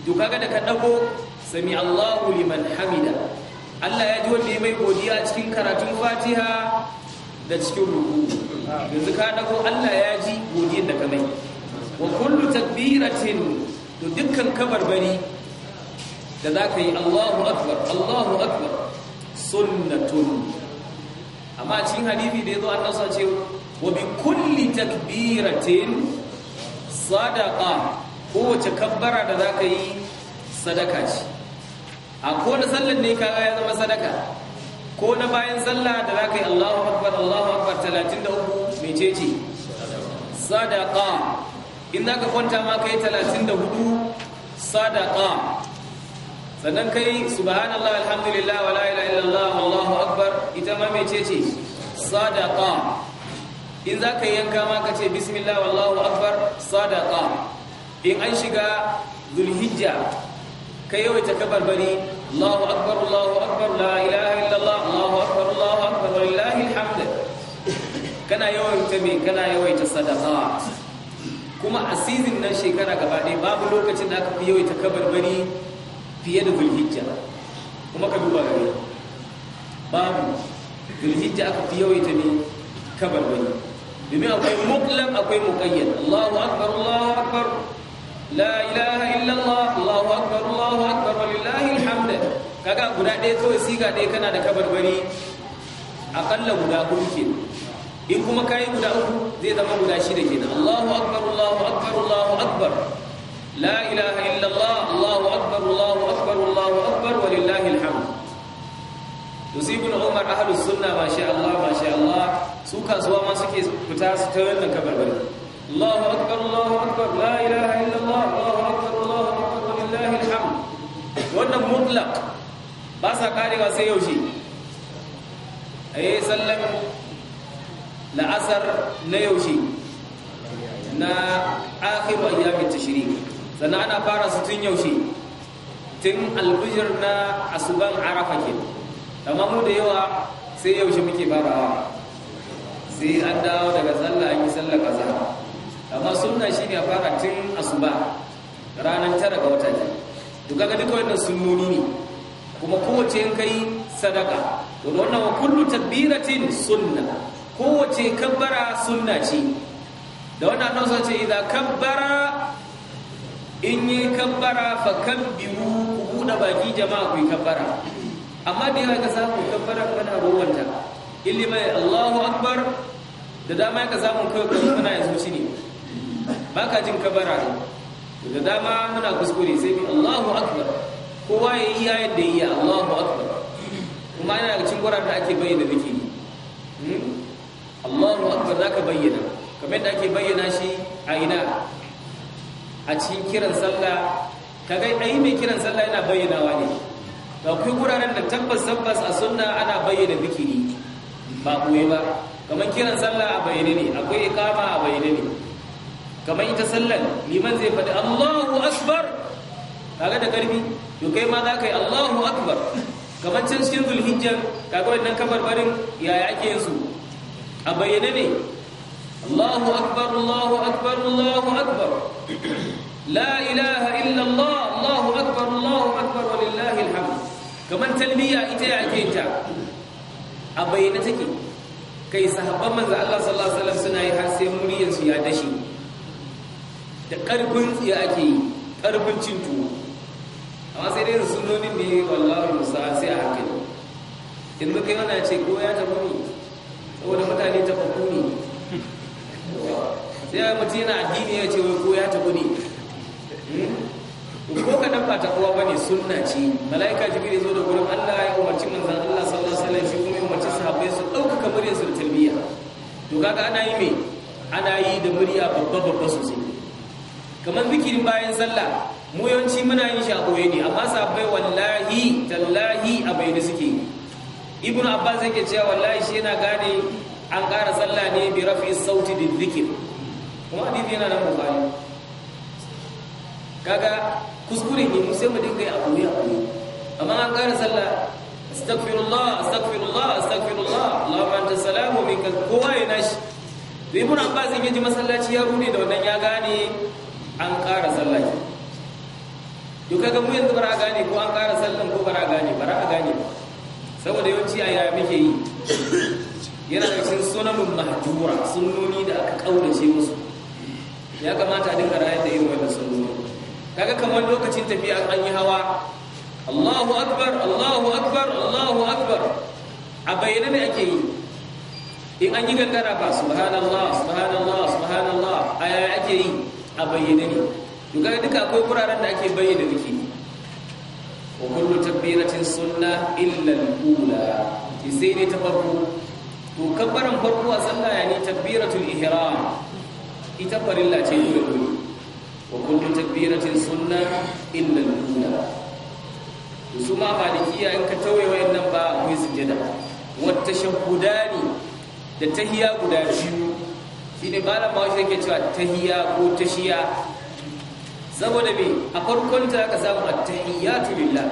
to kaga da ka dago sami Allahu liman hamida Allah ya ji wanda ya mai godiya cikin karatun Fatiha da cikin ruku yanzu ka dago Allah ya ji godiyar da ka mai wa kullu takbiratin to dukkan kabarbari da ka yi Allahu akbar Allahu akbar sunnatun amma cikin hadisi da yazo Allah sa ce wa bi kulli takbiratin sadaqa kowace kabbara da ka yi sadaka ce a ko sallar ne kaga ya zama sadaka ko na bayan sallah da za ka yi Allahu akbar Allahu akbar 33 ceci, sadaqa in za ka kwanta ma kai 34 sadaqa sannan kai subhanallah alhamdulillah wa Laila illallah Allahu akbar ita ma mai ceci, sadaqa in za ka yi yanka ma ka ce bismillah wallahu akbar sadaqa in an shiga zulhijja كيوي تكبر بني الله أكبر الله أكبر لا إله إلا الله الله أكبر الله أكبر ولله الحمد كنا يوي تبي كنا يوي تصدقاء كما أسيزن نان كنا كبادي باب لوكة ناك يوي تكبر بني في يد ذو الهجة كما كدوبا غير باب ذو الهجة في يوي تمي كبر بني بما أقوي مقلم أقوي مقيد الله أكبر الله أكبر لا إله إلا الله kaga guda ɗaya kawai siga ɗaya kana da kabarbari aƙalla guda uku ke in kuma kayi guda uku zai zama guda shida ke Allahu akbar Allahu akbar Allahu akbar la ilaha illallah Allahu akbar Allahu akbar Allahu akbar walillahi alhamd ibn umar ahlus sunna ma sha Allah ma sha Allah su kasuwa ma suke fita su ta wannan kabarbari Allahu akbar Allahu akbar la ilaha illallah Allahu akbar Allahu akbar walillahi alhamd wannan mutlaq ba sa karewa sai yaushe yi eh, sallan la'asar na yaushe na ya ayyamin shiri. sannan ana fara su tun yaushe tun albijir na asuban arafa ke amma mu da yawa sai yaushe muke farawa sai an dawo daga sallah an yi sallah kaza amma shi ne a fara tun asuba ranar tara ga wata ne to kaga duka wannan sunnoni ne kuma kowace yin kai sadaka Wani wannan wa kullu tabbiratin sunna kowace kabbara sunna ce da wannan nausa ce idza kabbara in yi kabbara fa kabbiru ku buɗe baki jama'a ku yi kabbara amma da yawa ka samu kabbara kana rowanta illi mai Allahu akbar da dama ka samu kai kuma kana yanzu shi ne baka jin kabbara da dama muna kuskure sai bi Allahu akbar kowa ya yi ayar da iya Allahu akbar kuma yana daga cikin guraren da ake bayyana zikiri hmm? Allahu akbar zaka bayyana kamar yadda ake bayyana shi a ina a cikin kiran sallah ga dai mai kiran sallah yana bayyanawa ne da akwai guraren da tabbas tabbas a sunna ana bayyana zikiri ba koyi ba kamar kiran sallah a bayyane ne akwai ikama a bayyane ne kamar ita sallar liman zai faɗi Allahu akbar kaga da karfi to kai ma za ka yi Allahu akbar kamar can cikin zulhijjar kaga wannan kamar barin yaya ake yin su a bayyane ne Allahu akbar Allahu akbar Allahu akbar la ilaha illa Allah Allahu akbar Allahu akbar lillahi alhamd kamar talbiya ita ya ake ta a bayyane take kai sahabban manzo Allah sallallahu alaihi wasallam suna yi har sai muryar su ya dashi da karfin ya ake yi karfin cin tuwo amma sai dai sunonin biyu? wallahu musa sai a hankali in muka yana ce ko ya tafi ne saboda mutane tafi ne sai ya mutu yana addini ya ce ko ya tafi ne hmm? ko ka dafa taɓuwa ba ne sunna ce mala'ika jibril zo da gurin allah ya umarci manzan allah sallallahu alaihi wasallam shi kuma ya umarci sahabbai su ɗaukaka muryarsu da tarbiyya to kaga ana yi me ana yi da murya babba babba sosai kamar zikirin bayan sallah mu yawanci muna yin shi a ɓoye ne amma sabai wallahi tallahi a bayyane suke yi ibn abbas ke cewa wallahi shi yana gane an ƙara sallah ne bi rafi sauti da zikir kuma hadisi yana nan bukari kaga kuskure ne mu sai mu dinga yi a ɓoye a ɓoye amma an ƙara sallah astaghfirullah astaghfirullah astaghfirullah ma ta salamu ka kowa ya nashi ibn abbas yake ji masallaci ya rune da wannan ya gane an ƙara sallah duk kaga mu yanzu bara gane ko an ƙara sallan ko bara gane bara a gane ba saboda yawanci a yaya muke yi yana da cikin sunanun mahjura sunnoni da aka kaurace musu ya kamata a dinga rayar da irin wannan sunnoni kaga kamar lokacin tafiya an yi hawa Allahu akbar Allahu akbar Allahu akbar a bayyana ne ake yi in an yi gangara ba subhanallah subhanallah subhanallah a yaya ake yi a bayyana ne Duka ga duka akwai wuraren da ake bayyana biki wa kullu tabbiratin sunna illa al-ula ki sai ne ta farko to kabbaran farko a sallah yani tabbiratul ihram ita farilla ce dole dole wa kullu tabbiratin sunna illa al-ula to su ma malikiya in ka tauye wayannan ba akwai sujjada wa tashahhudani da tahiya guda biyu shine malama bawo shi yake cewa tahiya ko tashiya saboda me a farkon ta aka samu at-tahiyatu lillah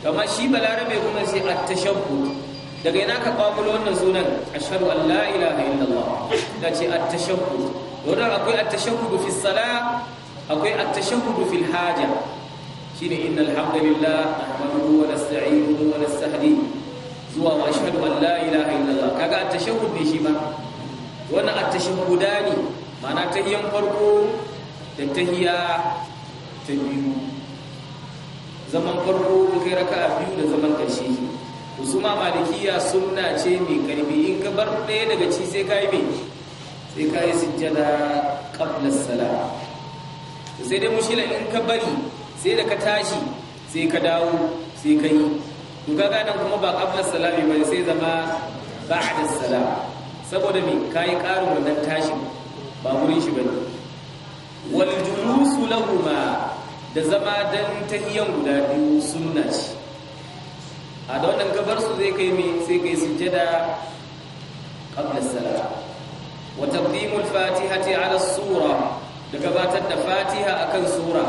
kama shi balarabe kuma sai at-tashabbu daga ina ka kwakulo wannan sunan ashhadu an la ilaha illallah da ce at wannan akwai at-tashabbu fi salah akwai at-tashabbu fil haja shine innal hamdalillah nahmaduhu wa nasta'inuhu wa nastahdihi zuwa wa ashhadu an la ilaha illallah kaga at-tashahhud ne shi ba. wannan at-tashahhudani ma'ana ta yin farko da tahiya ta biyu zaman farko da kai raka biyu da zaman ƙarshe su ma malikiya sunna ce mai karbi in ka bar ɗaya daga ci sai ka yi mai sai ka yi sujjada qabla salam sai dai mushila in ka bari sai da ka tashi sai ka dawo sai ka yi In ka nan kuma ba sala salami ba sai zama ba a da sala. saboda me yi ƙarin wannan tashin ba wurin shi ba ne. wal julusu lahuma da zama dan tahiyan guda biyu sunna ce a da wannan gabar su zai kai mai sai kai sujjada qabla salat wa taqdimul fatihati ala sura da gabatar da fatiha akan sura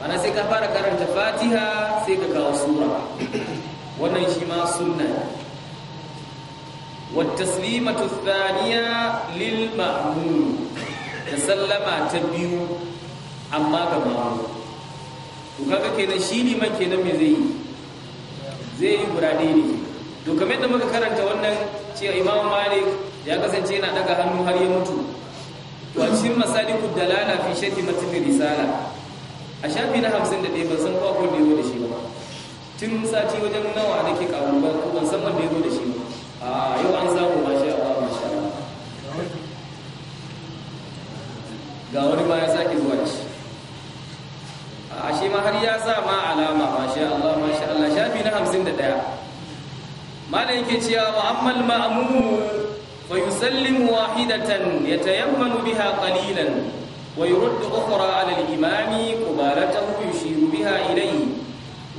mana sai ka fara karanta fatiha sai ka kawo sura wannan shi ma sunna wa taslimatu thaniya lil ma'mum da sallama ta biyu amma ga mamu to kaga kenan shi ne, man kenan me zai yi zai yi burade ne to kamar da muka karanta wannan ce Imam malik ya kasance yana daga hannu har ya mutu to a cikin masaliku dalala fi shaki matin risala a shafi na hamsin da ɗaya, ban san ko ko da yau da shi ba tun sati wajen nawa nake kawo ba, ban san wanda yau da shi ba a ah, yau an samu ba shi ga wani ma ya sake zuwa ci a shi ma har ya sa ma alama masha Allah masha Allah shafi na hamsin da ɗaya malam yake cewa wa ammal ma'amumu fa yusallimu wahidatan yatayammanu biha qalilan wa yuruddu ukhra 'ala al-imami qubalatahu yushiru biha ilayhi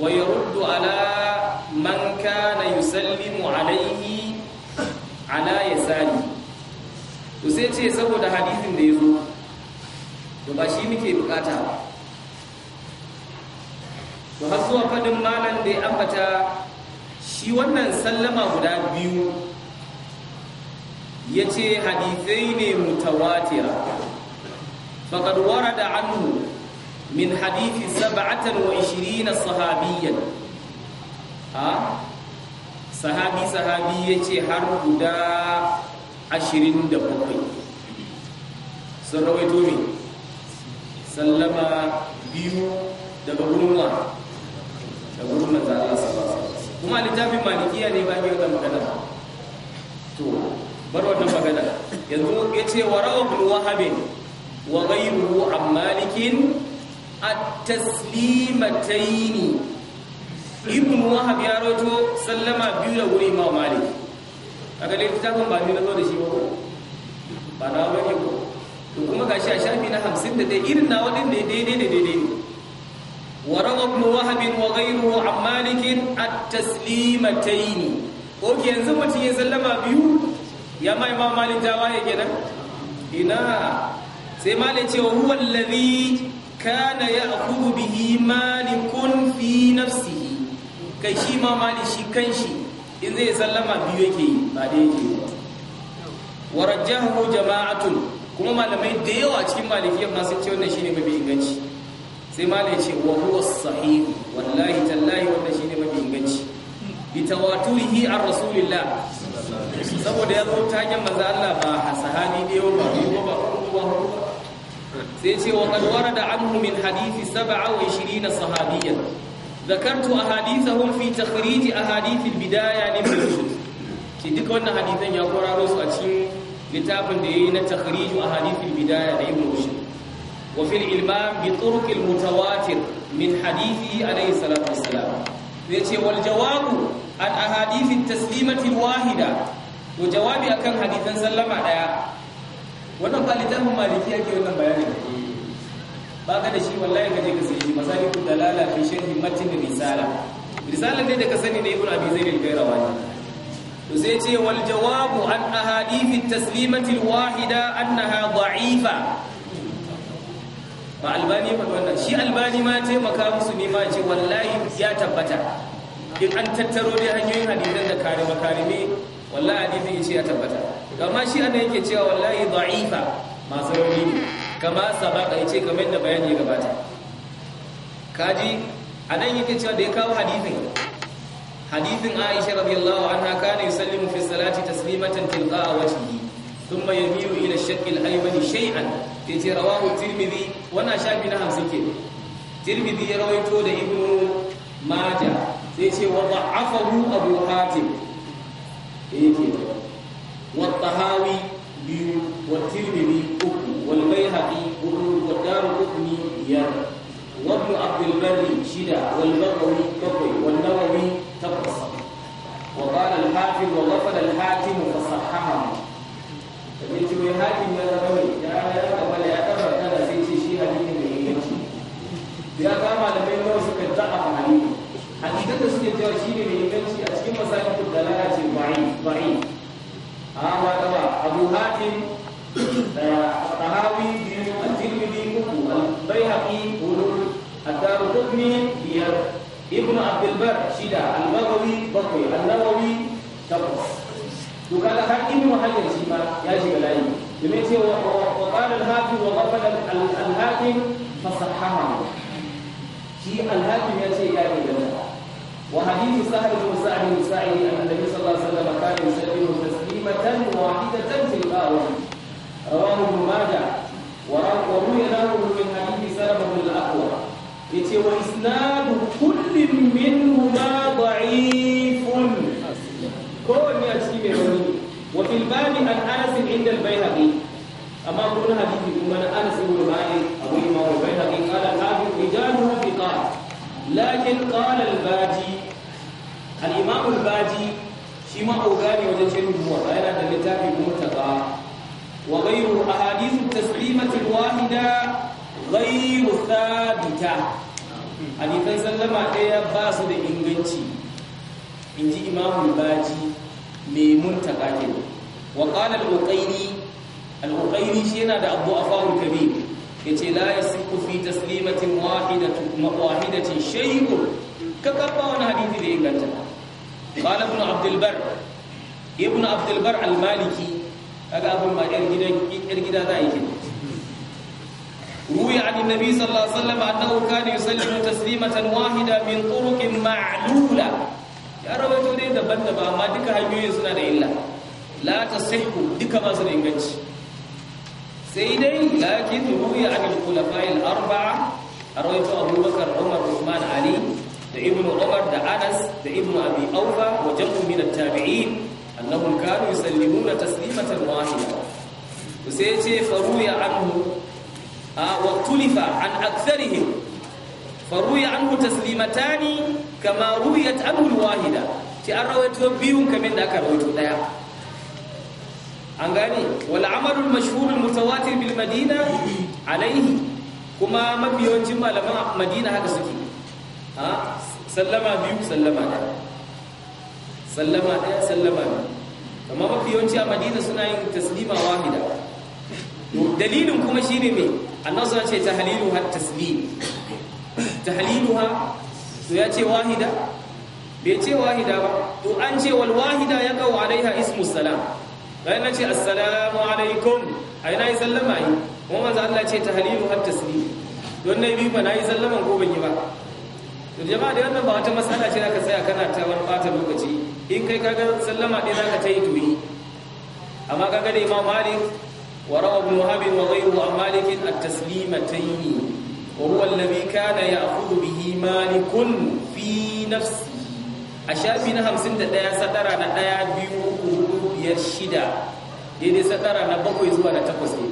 wa ruddu 'ala man kana yusallimu 'alayhi ala sani. Ku sai ce saboda hadisin da yazo to ba shi muke bukata ba to har zuwa fadin malam da ya ambata shi wannan sallama guda biyu ya ce hadithai ne mutawatira faƙad da anhu min hadithi saba'atan wa ha sahabi sahabi ya ce har guda ashirin da bakwai sun rawaito ne sallama biyu daga wurin wa da wurin manzan Allah sallallahu alaihi kuma littafin malikiya ne ba yau da magana to bar wannan magana yanzu ya ce wa rawahul wahabi wa ghayruhu an malikin at-taslimatayn ibn wahab ya roto sallama biyu da wurin maliki. malik kaga littafin ba ni na zo da shi ba ba na bane ko to kuma gashi a shafi na hamsin da dai irin na waɗin da daidai da daidai ne rawa ibn wahab wa ghayruhu an malik at-taslimatayn oke yanzu mutum ya sallama biyu ya ma imam malik jawaye kenan ina sai malik ce huwa alladhi kana ya'khudhu bihi malikun fi nafsihi kai shi ma malik shi kanshi in zai sallama biyu yake ba da yake ba warajjahu jama'atun kuma malamai da yawa cikin malikiyar ma sun ce wannan shine mafi inganci sai malai ce wa huwa sahih wallahi tallahi wannan shine mafi inganci bi tawaturihi an rasulillah saboda ya zo ta hanyar manzo Allah ba sahabi da yawa ba kuma ba ko ba sai ce wa qad warada anhu min hadithi 27 sahabiyan dhakartu ahadithahum fi takhrij ahadith al-bidaya li ce duka wannan hadithan ya koraro su a littafin da yayi na takhriju ahadithil bidaya da ibn rushd wa fil ilmam bi turuq mutawatir min hadithi alayhi salatu wassalam yace wal jawabu an ahadithit taslimati wahida to jawabi akan hadithan sallama daya wannan kalitan maliki yake wannan bayani ba ka da shi wallahi ka ka sai shi masalihu dalala fi sharhi matn risala risala ne da ka sani ne ibn abi zaid al-qayrawani to sai ce wal jawabu an ahadithi taslimati wahida annaha da'ifa ba albani fa wannan shi albani ma ce maka musu ne ma ce wallahi ya tabbata in an tattaro dai hanyoyin hadisan da kare makarimi wallahi hadisin yace ya tabbata amma shi ana yake cewa wallahi da'ifa masu rauni ne kama sabaka yace kamar da bayani ya gabata kaji anan yake cewa da ya kawo hadisin hadithin Aisha radiyallahu anha kana yusallimu fi salati taslimatan tilqa'a wajhihi thumma yamilu ila ash-shakl al-aymani shay'an yace rawahu tirmidhi wana shafi na 50 ke tirmidhi ya rawaito da ibnu majah sai ce wa da'afahu abu hatim eh, yake wa tahawi biyu wa tirmidhi uku wal bayhaqi uku wa daruqutni biyar wa ibn abdul barri shida wal baqawi bakwai wal nawawi وقال الحاكم وغفل الحاكم فصححه abin ci mai hakim ya zama mai ya ya kamala ya tabbata da sai ce shi hadisin da inganci ya ga malamai nawa suka da'a a hadisi hadisin da suke cewa shi ne mai inganci a cikin masakatun da lana ce ba'i ba'i amma abu da biyu a uku al-baihaqi biyar ابن عبد البر شيدا النووي بطي النووي تبرس وكان حاكم محل سيما ياجي بلاي دميتي وقال الحاكم وقبل الحاكم فصححه في الحاكم ياتي يا ابن وحديث سهل بن سعد بن سعيد ان النبي صلى الله عليه وسلم كان يسلم تسليمه واحده في القاوم رواه ابن ماجه وروي له amma kuma na hadisi kuma na Anas ibn Malik Abu Imam al-Baihaqi qala hadith rijaluhu thiqat lakin qala al-Baji al-Imam al-Baji shi ma auga ne wajen cin ruwa yana da littafi kuma taqa wa ghayru ahadith at-taslimati al-wahida ghayru thabita hadithan sallama daya ba su da inganci inji Imam al-Baji mai muntaka ne wa qala al-Uqayli al-uqayli shi yana da abu afawul kabir yace la yasiqu fi taslimatin wahidatin wahidatin shay'un ka kafa wani hadisi da inganta qala ibn abd al-bar ibn abd al-bar al-maliki kaga abun ma yar gida gida za a yi روي عن النبي Nabi الله عليه وسلم أنه كان يسلم taslimatan wahida min طرق معلولة ya rawaito dai daban-daban amma duka hanyoyin suna da illa la tasihhu duka ba su da inganci sai dai lakin ruwiya an al-khulafa'il arba'a arwaytu abubakar umar usman ali da ibnu umar da anas da ibnu abi wajen wa jam'un min at-tabi'in annahum kanu yusallimuna taslimatan wahida sai ce faruya anhu wa tulifa an aktharihim faruya anhu taslimatani kama ruwiyat anhu al-wahida ci an rawaito biyun kamin da aka rawaito daya an gane wal amalul mashhurul mutawatir bil madina alaihi kuma mafiyawancin malaman madina haka suke ha sallama biyu sallama ɗaya sallama ɗaya sallama biyu amma mafiyawanci a madina suna yin taslima wahida dalilin kuma shine me annabi sun ce tahliluha taslim tahliluha to ya ce wahida bai ce wahida ba to an ce wal wahida ya kawo alaiha ismu salam bayan na ce assalamu alaikum a yi na yi sallama yi kuma manzo Allah ce ta halilu har tasiri don na bi ba na yi sallaman ko ban yi ba to jama'a da wannan ba wata matsala ce zaka tsaya kana ta wani bata lokaci in kai kaga sallama ɗaya zaka ta yi to yi amma kaga da Imam Malik wa rawa ibn Wahab wa ghayruhu an Malik at-taslimatayn wa huwa alladhi kana ya'khudhu bihi Malik fi nafsi a shafi na 51 sadara na 1 2 3 4 biyar shida daidai satara na bakwai zuwa na takwas ne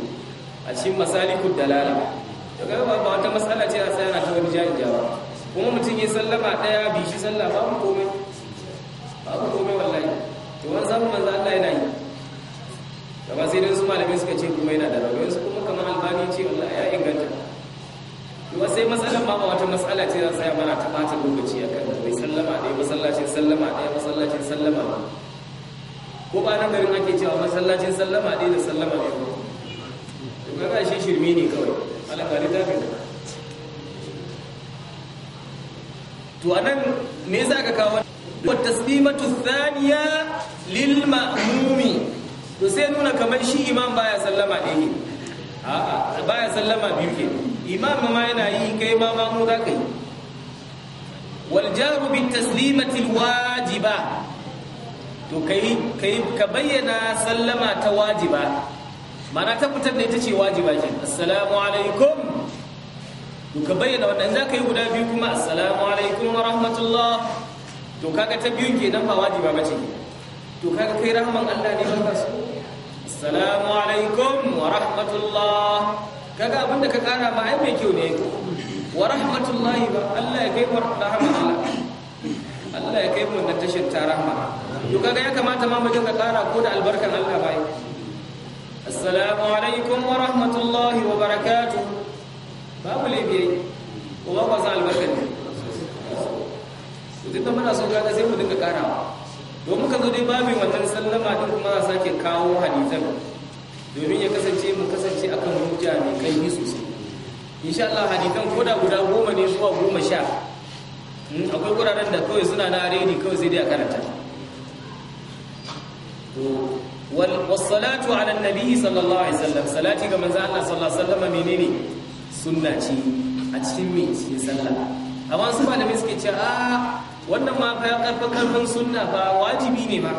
a cikin ku dalala to ga ba wata matsala ce a sai na ta wani ja'in jawa kuma mutum ya sallama daya bi shi sallah babu komai babu komai wallahi to wannan samun manzo Allah yana yi ba sai dan su malamai suka ce kuma yana da rawayin su kuma kamar albani ce wallahi ya inganta to sai matsalan ba wata matsala ce a sai mana ta bata lokaci akan bai sallama dai masallacin sallama dai masallacin sallama ko ba nan garin ake cewa masallacin sallama ɗaya da sallama ne ko to kaga shi shirme ne kawai alƙali ta fi to a nan me za ka kawo wa taslimatu thaniya lil ma'mumi to sai nuna kamar shi imam baya sallama ɗaya ne a'a baya sallama biyu ke imam ma yana yi kai ma ma mu za ka yi wal jaru bit taslimati wajiba to kai kai ka bayyana sallama ta wajiba mana ta fitar da ita ce wajiba ke assalamu alaikum to ka bayyana wannan za ka yi guda biyu kuma assalamu alaikum wa rahmatullah to kaga ta biyun nan ba wajiba ba ce to kaga kai rahman Allah ne ba su assalamu alaikum wa rahmatullah kaga abinda ka kara ba ai mai kyau ne wa rahmatullahi ba Allah ya kai mu rahmatullah Allah ya kai mu na tashin ta rahma to kaga ya kamata ma mu ka kara ko da albarkan Allah bai assalamu alaikum wa rahmatullahi wa barakatuh babu lafiya ko ba za albarkan ne to duk da muna son kaga sai mu dinga kara domin ka zo dai babu wannan sallama din kuma za sake kawo hadisan domin ya kasance mu kasance akan hujja mai kai sosai insha Allah hadisan koda guda goma ne zuwa goma sha hmm, akwai wuraren da kawai suna na redi kawai sai dai a karanta wassalatu ala nabi sallallahu alaihi wasallam salati ga manzo Allah sallallahu alaihi wasallam menene sunna ce a cikin me cikin sallah amma su malamai suke ce a ah, wannan ma fa ya karfa karfin sunna ba wajibi ne ba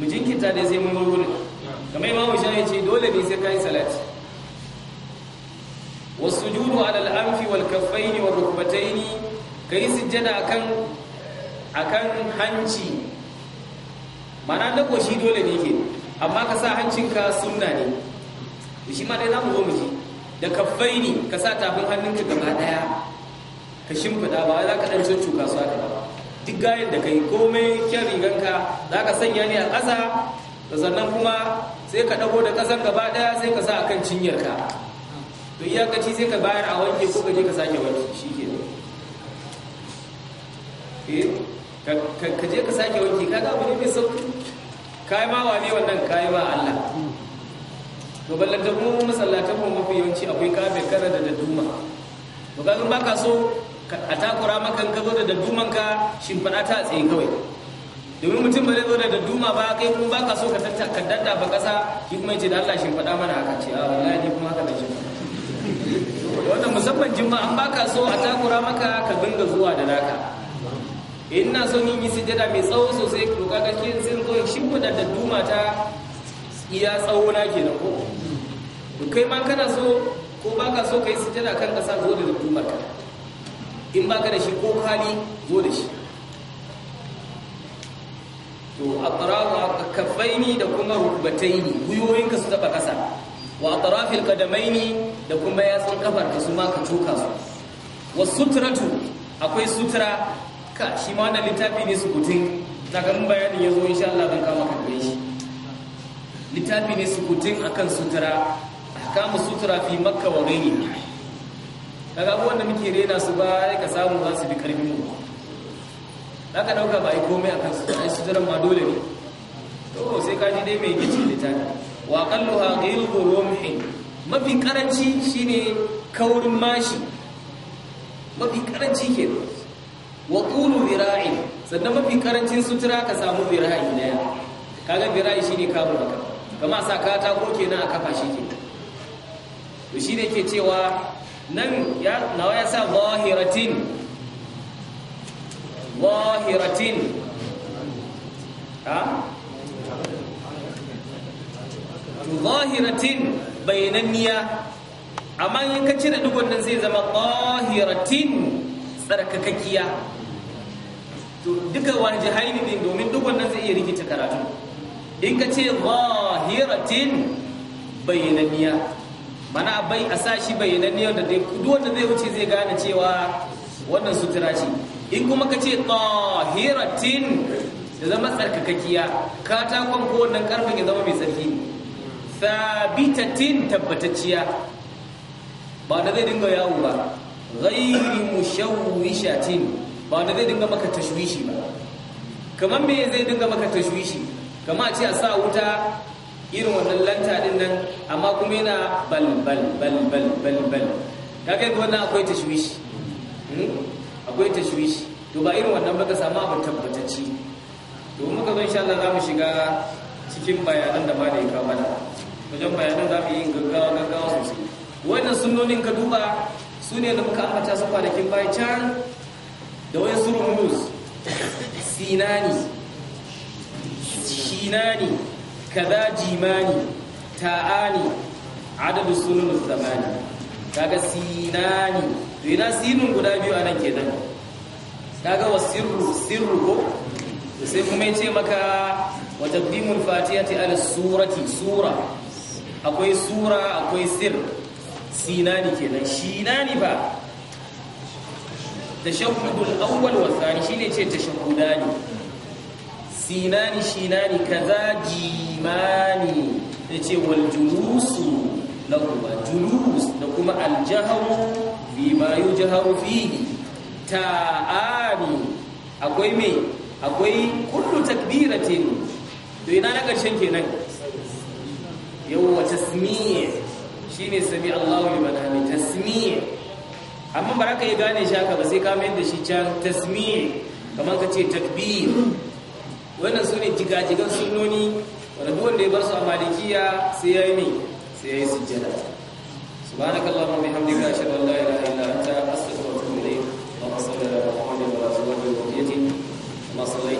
mu jinkirta da sai mun gurgure kamar imamu shafi ce dole ne sai kai salati wasujudu ala al-anfi wal kaffaini wal rukbataini kai sujjada akan akan hanci mana na goshi dole ne ke amma ka sa ka sunna ne da shi ma dai za mu zo mu ji da kaffai ne ka sa tafin hannunka gaba daya ka shimfiɗa ba za ka ɗan cuccuka su haka ba duk gayen da kai komai kyan riganka za ka sanya ne a ƙasa da sannan kuma sai ka ɗago da ƙasan gaba daya sai ka sa a kan cinyarka to iyakaci sai ka bayar a wanke ko ka je ka sake wanke shi ke eh? ka je ka sake wanki ka ga abin mai sauki kai ma wane wannan kai ba Allah to ballanta mu masallatan mu mafi yawanci akwai kafin kana da daduma to ga ba ka so a takura maka ka zo da daduman ka shimfiɗa ta tsaye kawai domin mutum ba zai zo da dadduma ba kai kuma ba ka so ka tattaka ba kasa shi kuma yace da Allah shimfada mana haka ce a ah, wallahi kuma haka da shimfiɗa wannan musamman jimma an baka so a takura maka ka dinga zuwa da naka ina son yin yi sujada mai tsawo sosai to kaga ke zai zo shimfiɗa da duma ta iya tsawo na kenan ko kai ma kana so ko baka so kai sujada kan kasa zo da dumar ka in baka da shi ko kali zo da shi to atrafa kaffaini da kuma guyoyin ka su taba kasa wa atrafil qadamaini da kuma yatsun kafar ka su ma ka tuka su wasutratu akwai sutura ka shi ma wannan littafi ne sukutin daga mun bayanin ya zo insha Allah zan kama kan shi littafi ne sukutin akan sutura kama sutura fi makka wa gani daga abubuwan da muke rena su ba ka samu za su bi karfin mu za ka dauka ba yi komai akan sutura ai suturan ma dole ne to sai ka ji dai mai gici littafi wa qalluha ghilbu rumhin mafi karanci shine kaurin mashi mafi karanci kenan wa qulu bira'in sannan mafi karancin sutura ka samu bira'i daya kaga bira'i shine kabu haka kama sa katako kenan a kafa shi ke to shine ke cewa nan ya nawa ya sa zahiratin zahiratin ha zahiratin bayananniya amma in ka cire dugon nan zai zama zahiratin tsarkakakkiya to duka warjihaini din domin duk wannan zai iya rikita karatu in ka ce zahiratin bayyananniya mana bai a sa shi bayyananniya da duk wanda zai wuce zai gane cewa wannan sutura ce in kuma ka ce zahiratin da zama tsarkakakkiya katakon kwanko wannan karfin ya zama mai tsarki sabitatin tabbatacciya ba da zai dinga yawo ba ghairi mushawwishatin ba wanda zai dinga maka tashwishi ba kamar me zai dinga maka tashwishi kamar a ce a sa wuta irin wannan lanta din nan amma kuma yana bal bal bal bal bal bal ka yanzu wannan akwai tashwishi hmm? akwai tashwishi to ba irin wannan ba ka samu abin tabbatacci. to mu zo insha Allah za mu shiga cikin bayanan da ba da ka mana wajen bayanan za mu yi gaggawa gaggawa sosai wannan sunnonin ka duba su ne da muka ambata su kwanakin bayan can da wani rumus sinani shinani kaza jimani ta'ani adadu sununus zamani kaga sinani to yana sinun guda biyu a nan kenan kaga wa sirru sirru ko sai kuma yace maka wa taqdimul fatihati ala surati sura akwai sura akwai sir sinani kenan shinani ba tashahhudul awwal wa thani shine ce tashahhudani sinani shinani kaza jimani yace wal julusu lahu julus da kuma al jahru bima yujharu fihi ta'ani akwai me akwai kullu takbiratin to ina na karshen kenan yawwa tasmi' shine sami Allahu liman hamid amma ba ka yi gane shi haka ba sai ka mayar da shi can tasmi'i kamar ka ce takbir wannan su ne jigajigan sunoni wanda duk wanda ya bar su a malikiya sai ya yi ne sai ya yi sujjada subhanakallahumma wa bihamdika ashhadu an la ilaha illa anta astaghfiruka wa atubu ilayk اللهم صل على محمد وعلى ازواجه وذريته كما صليت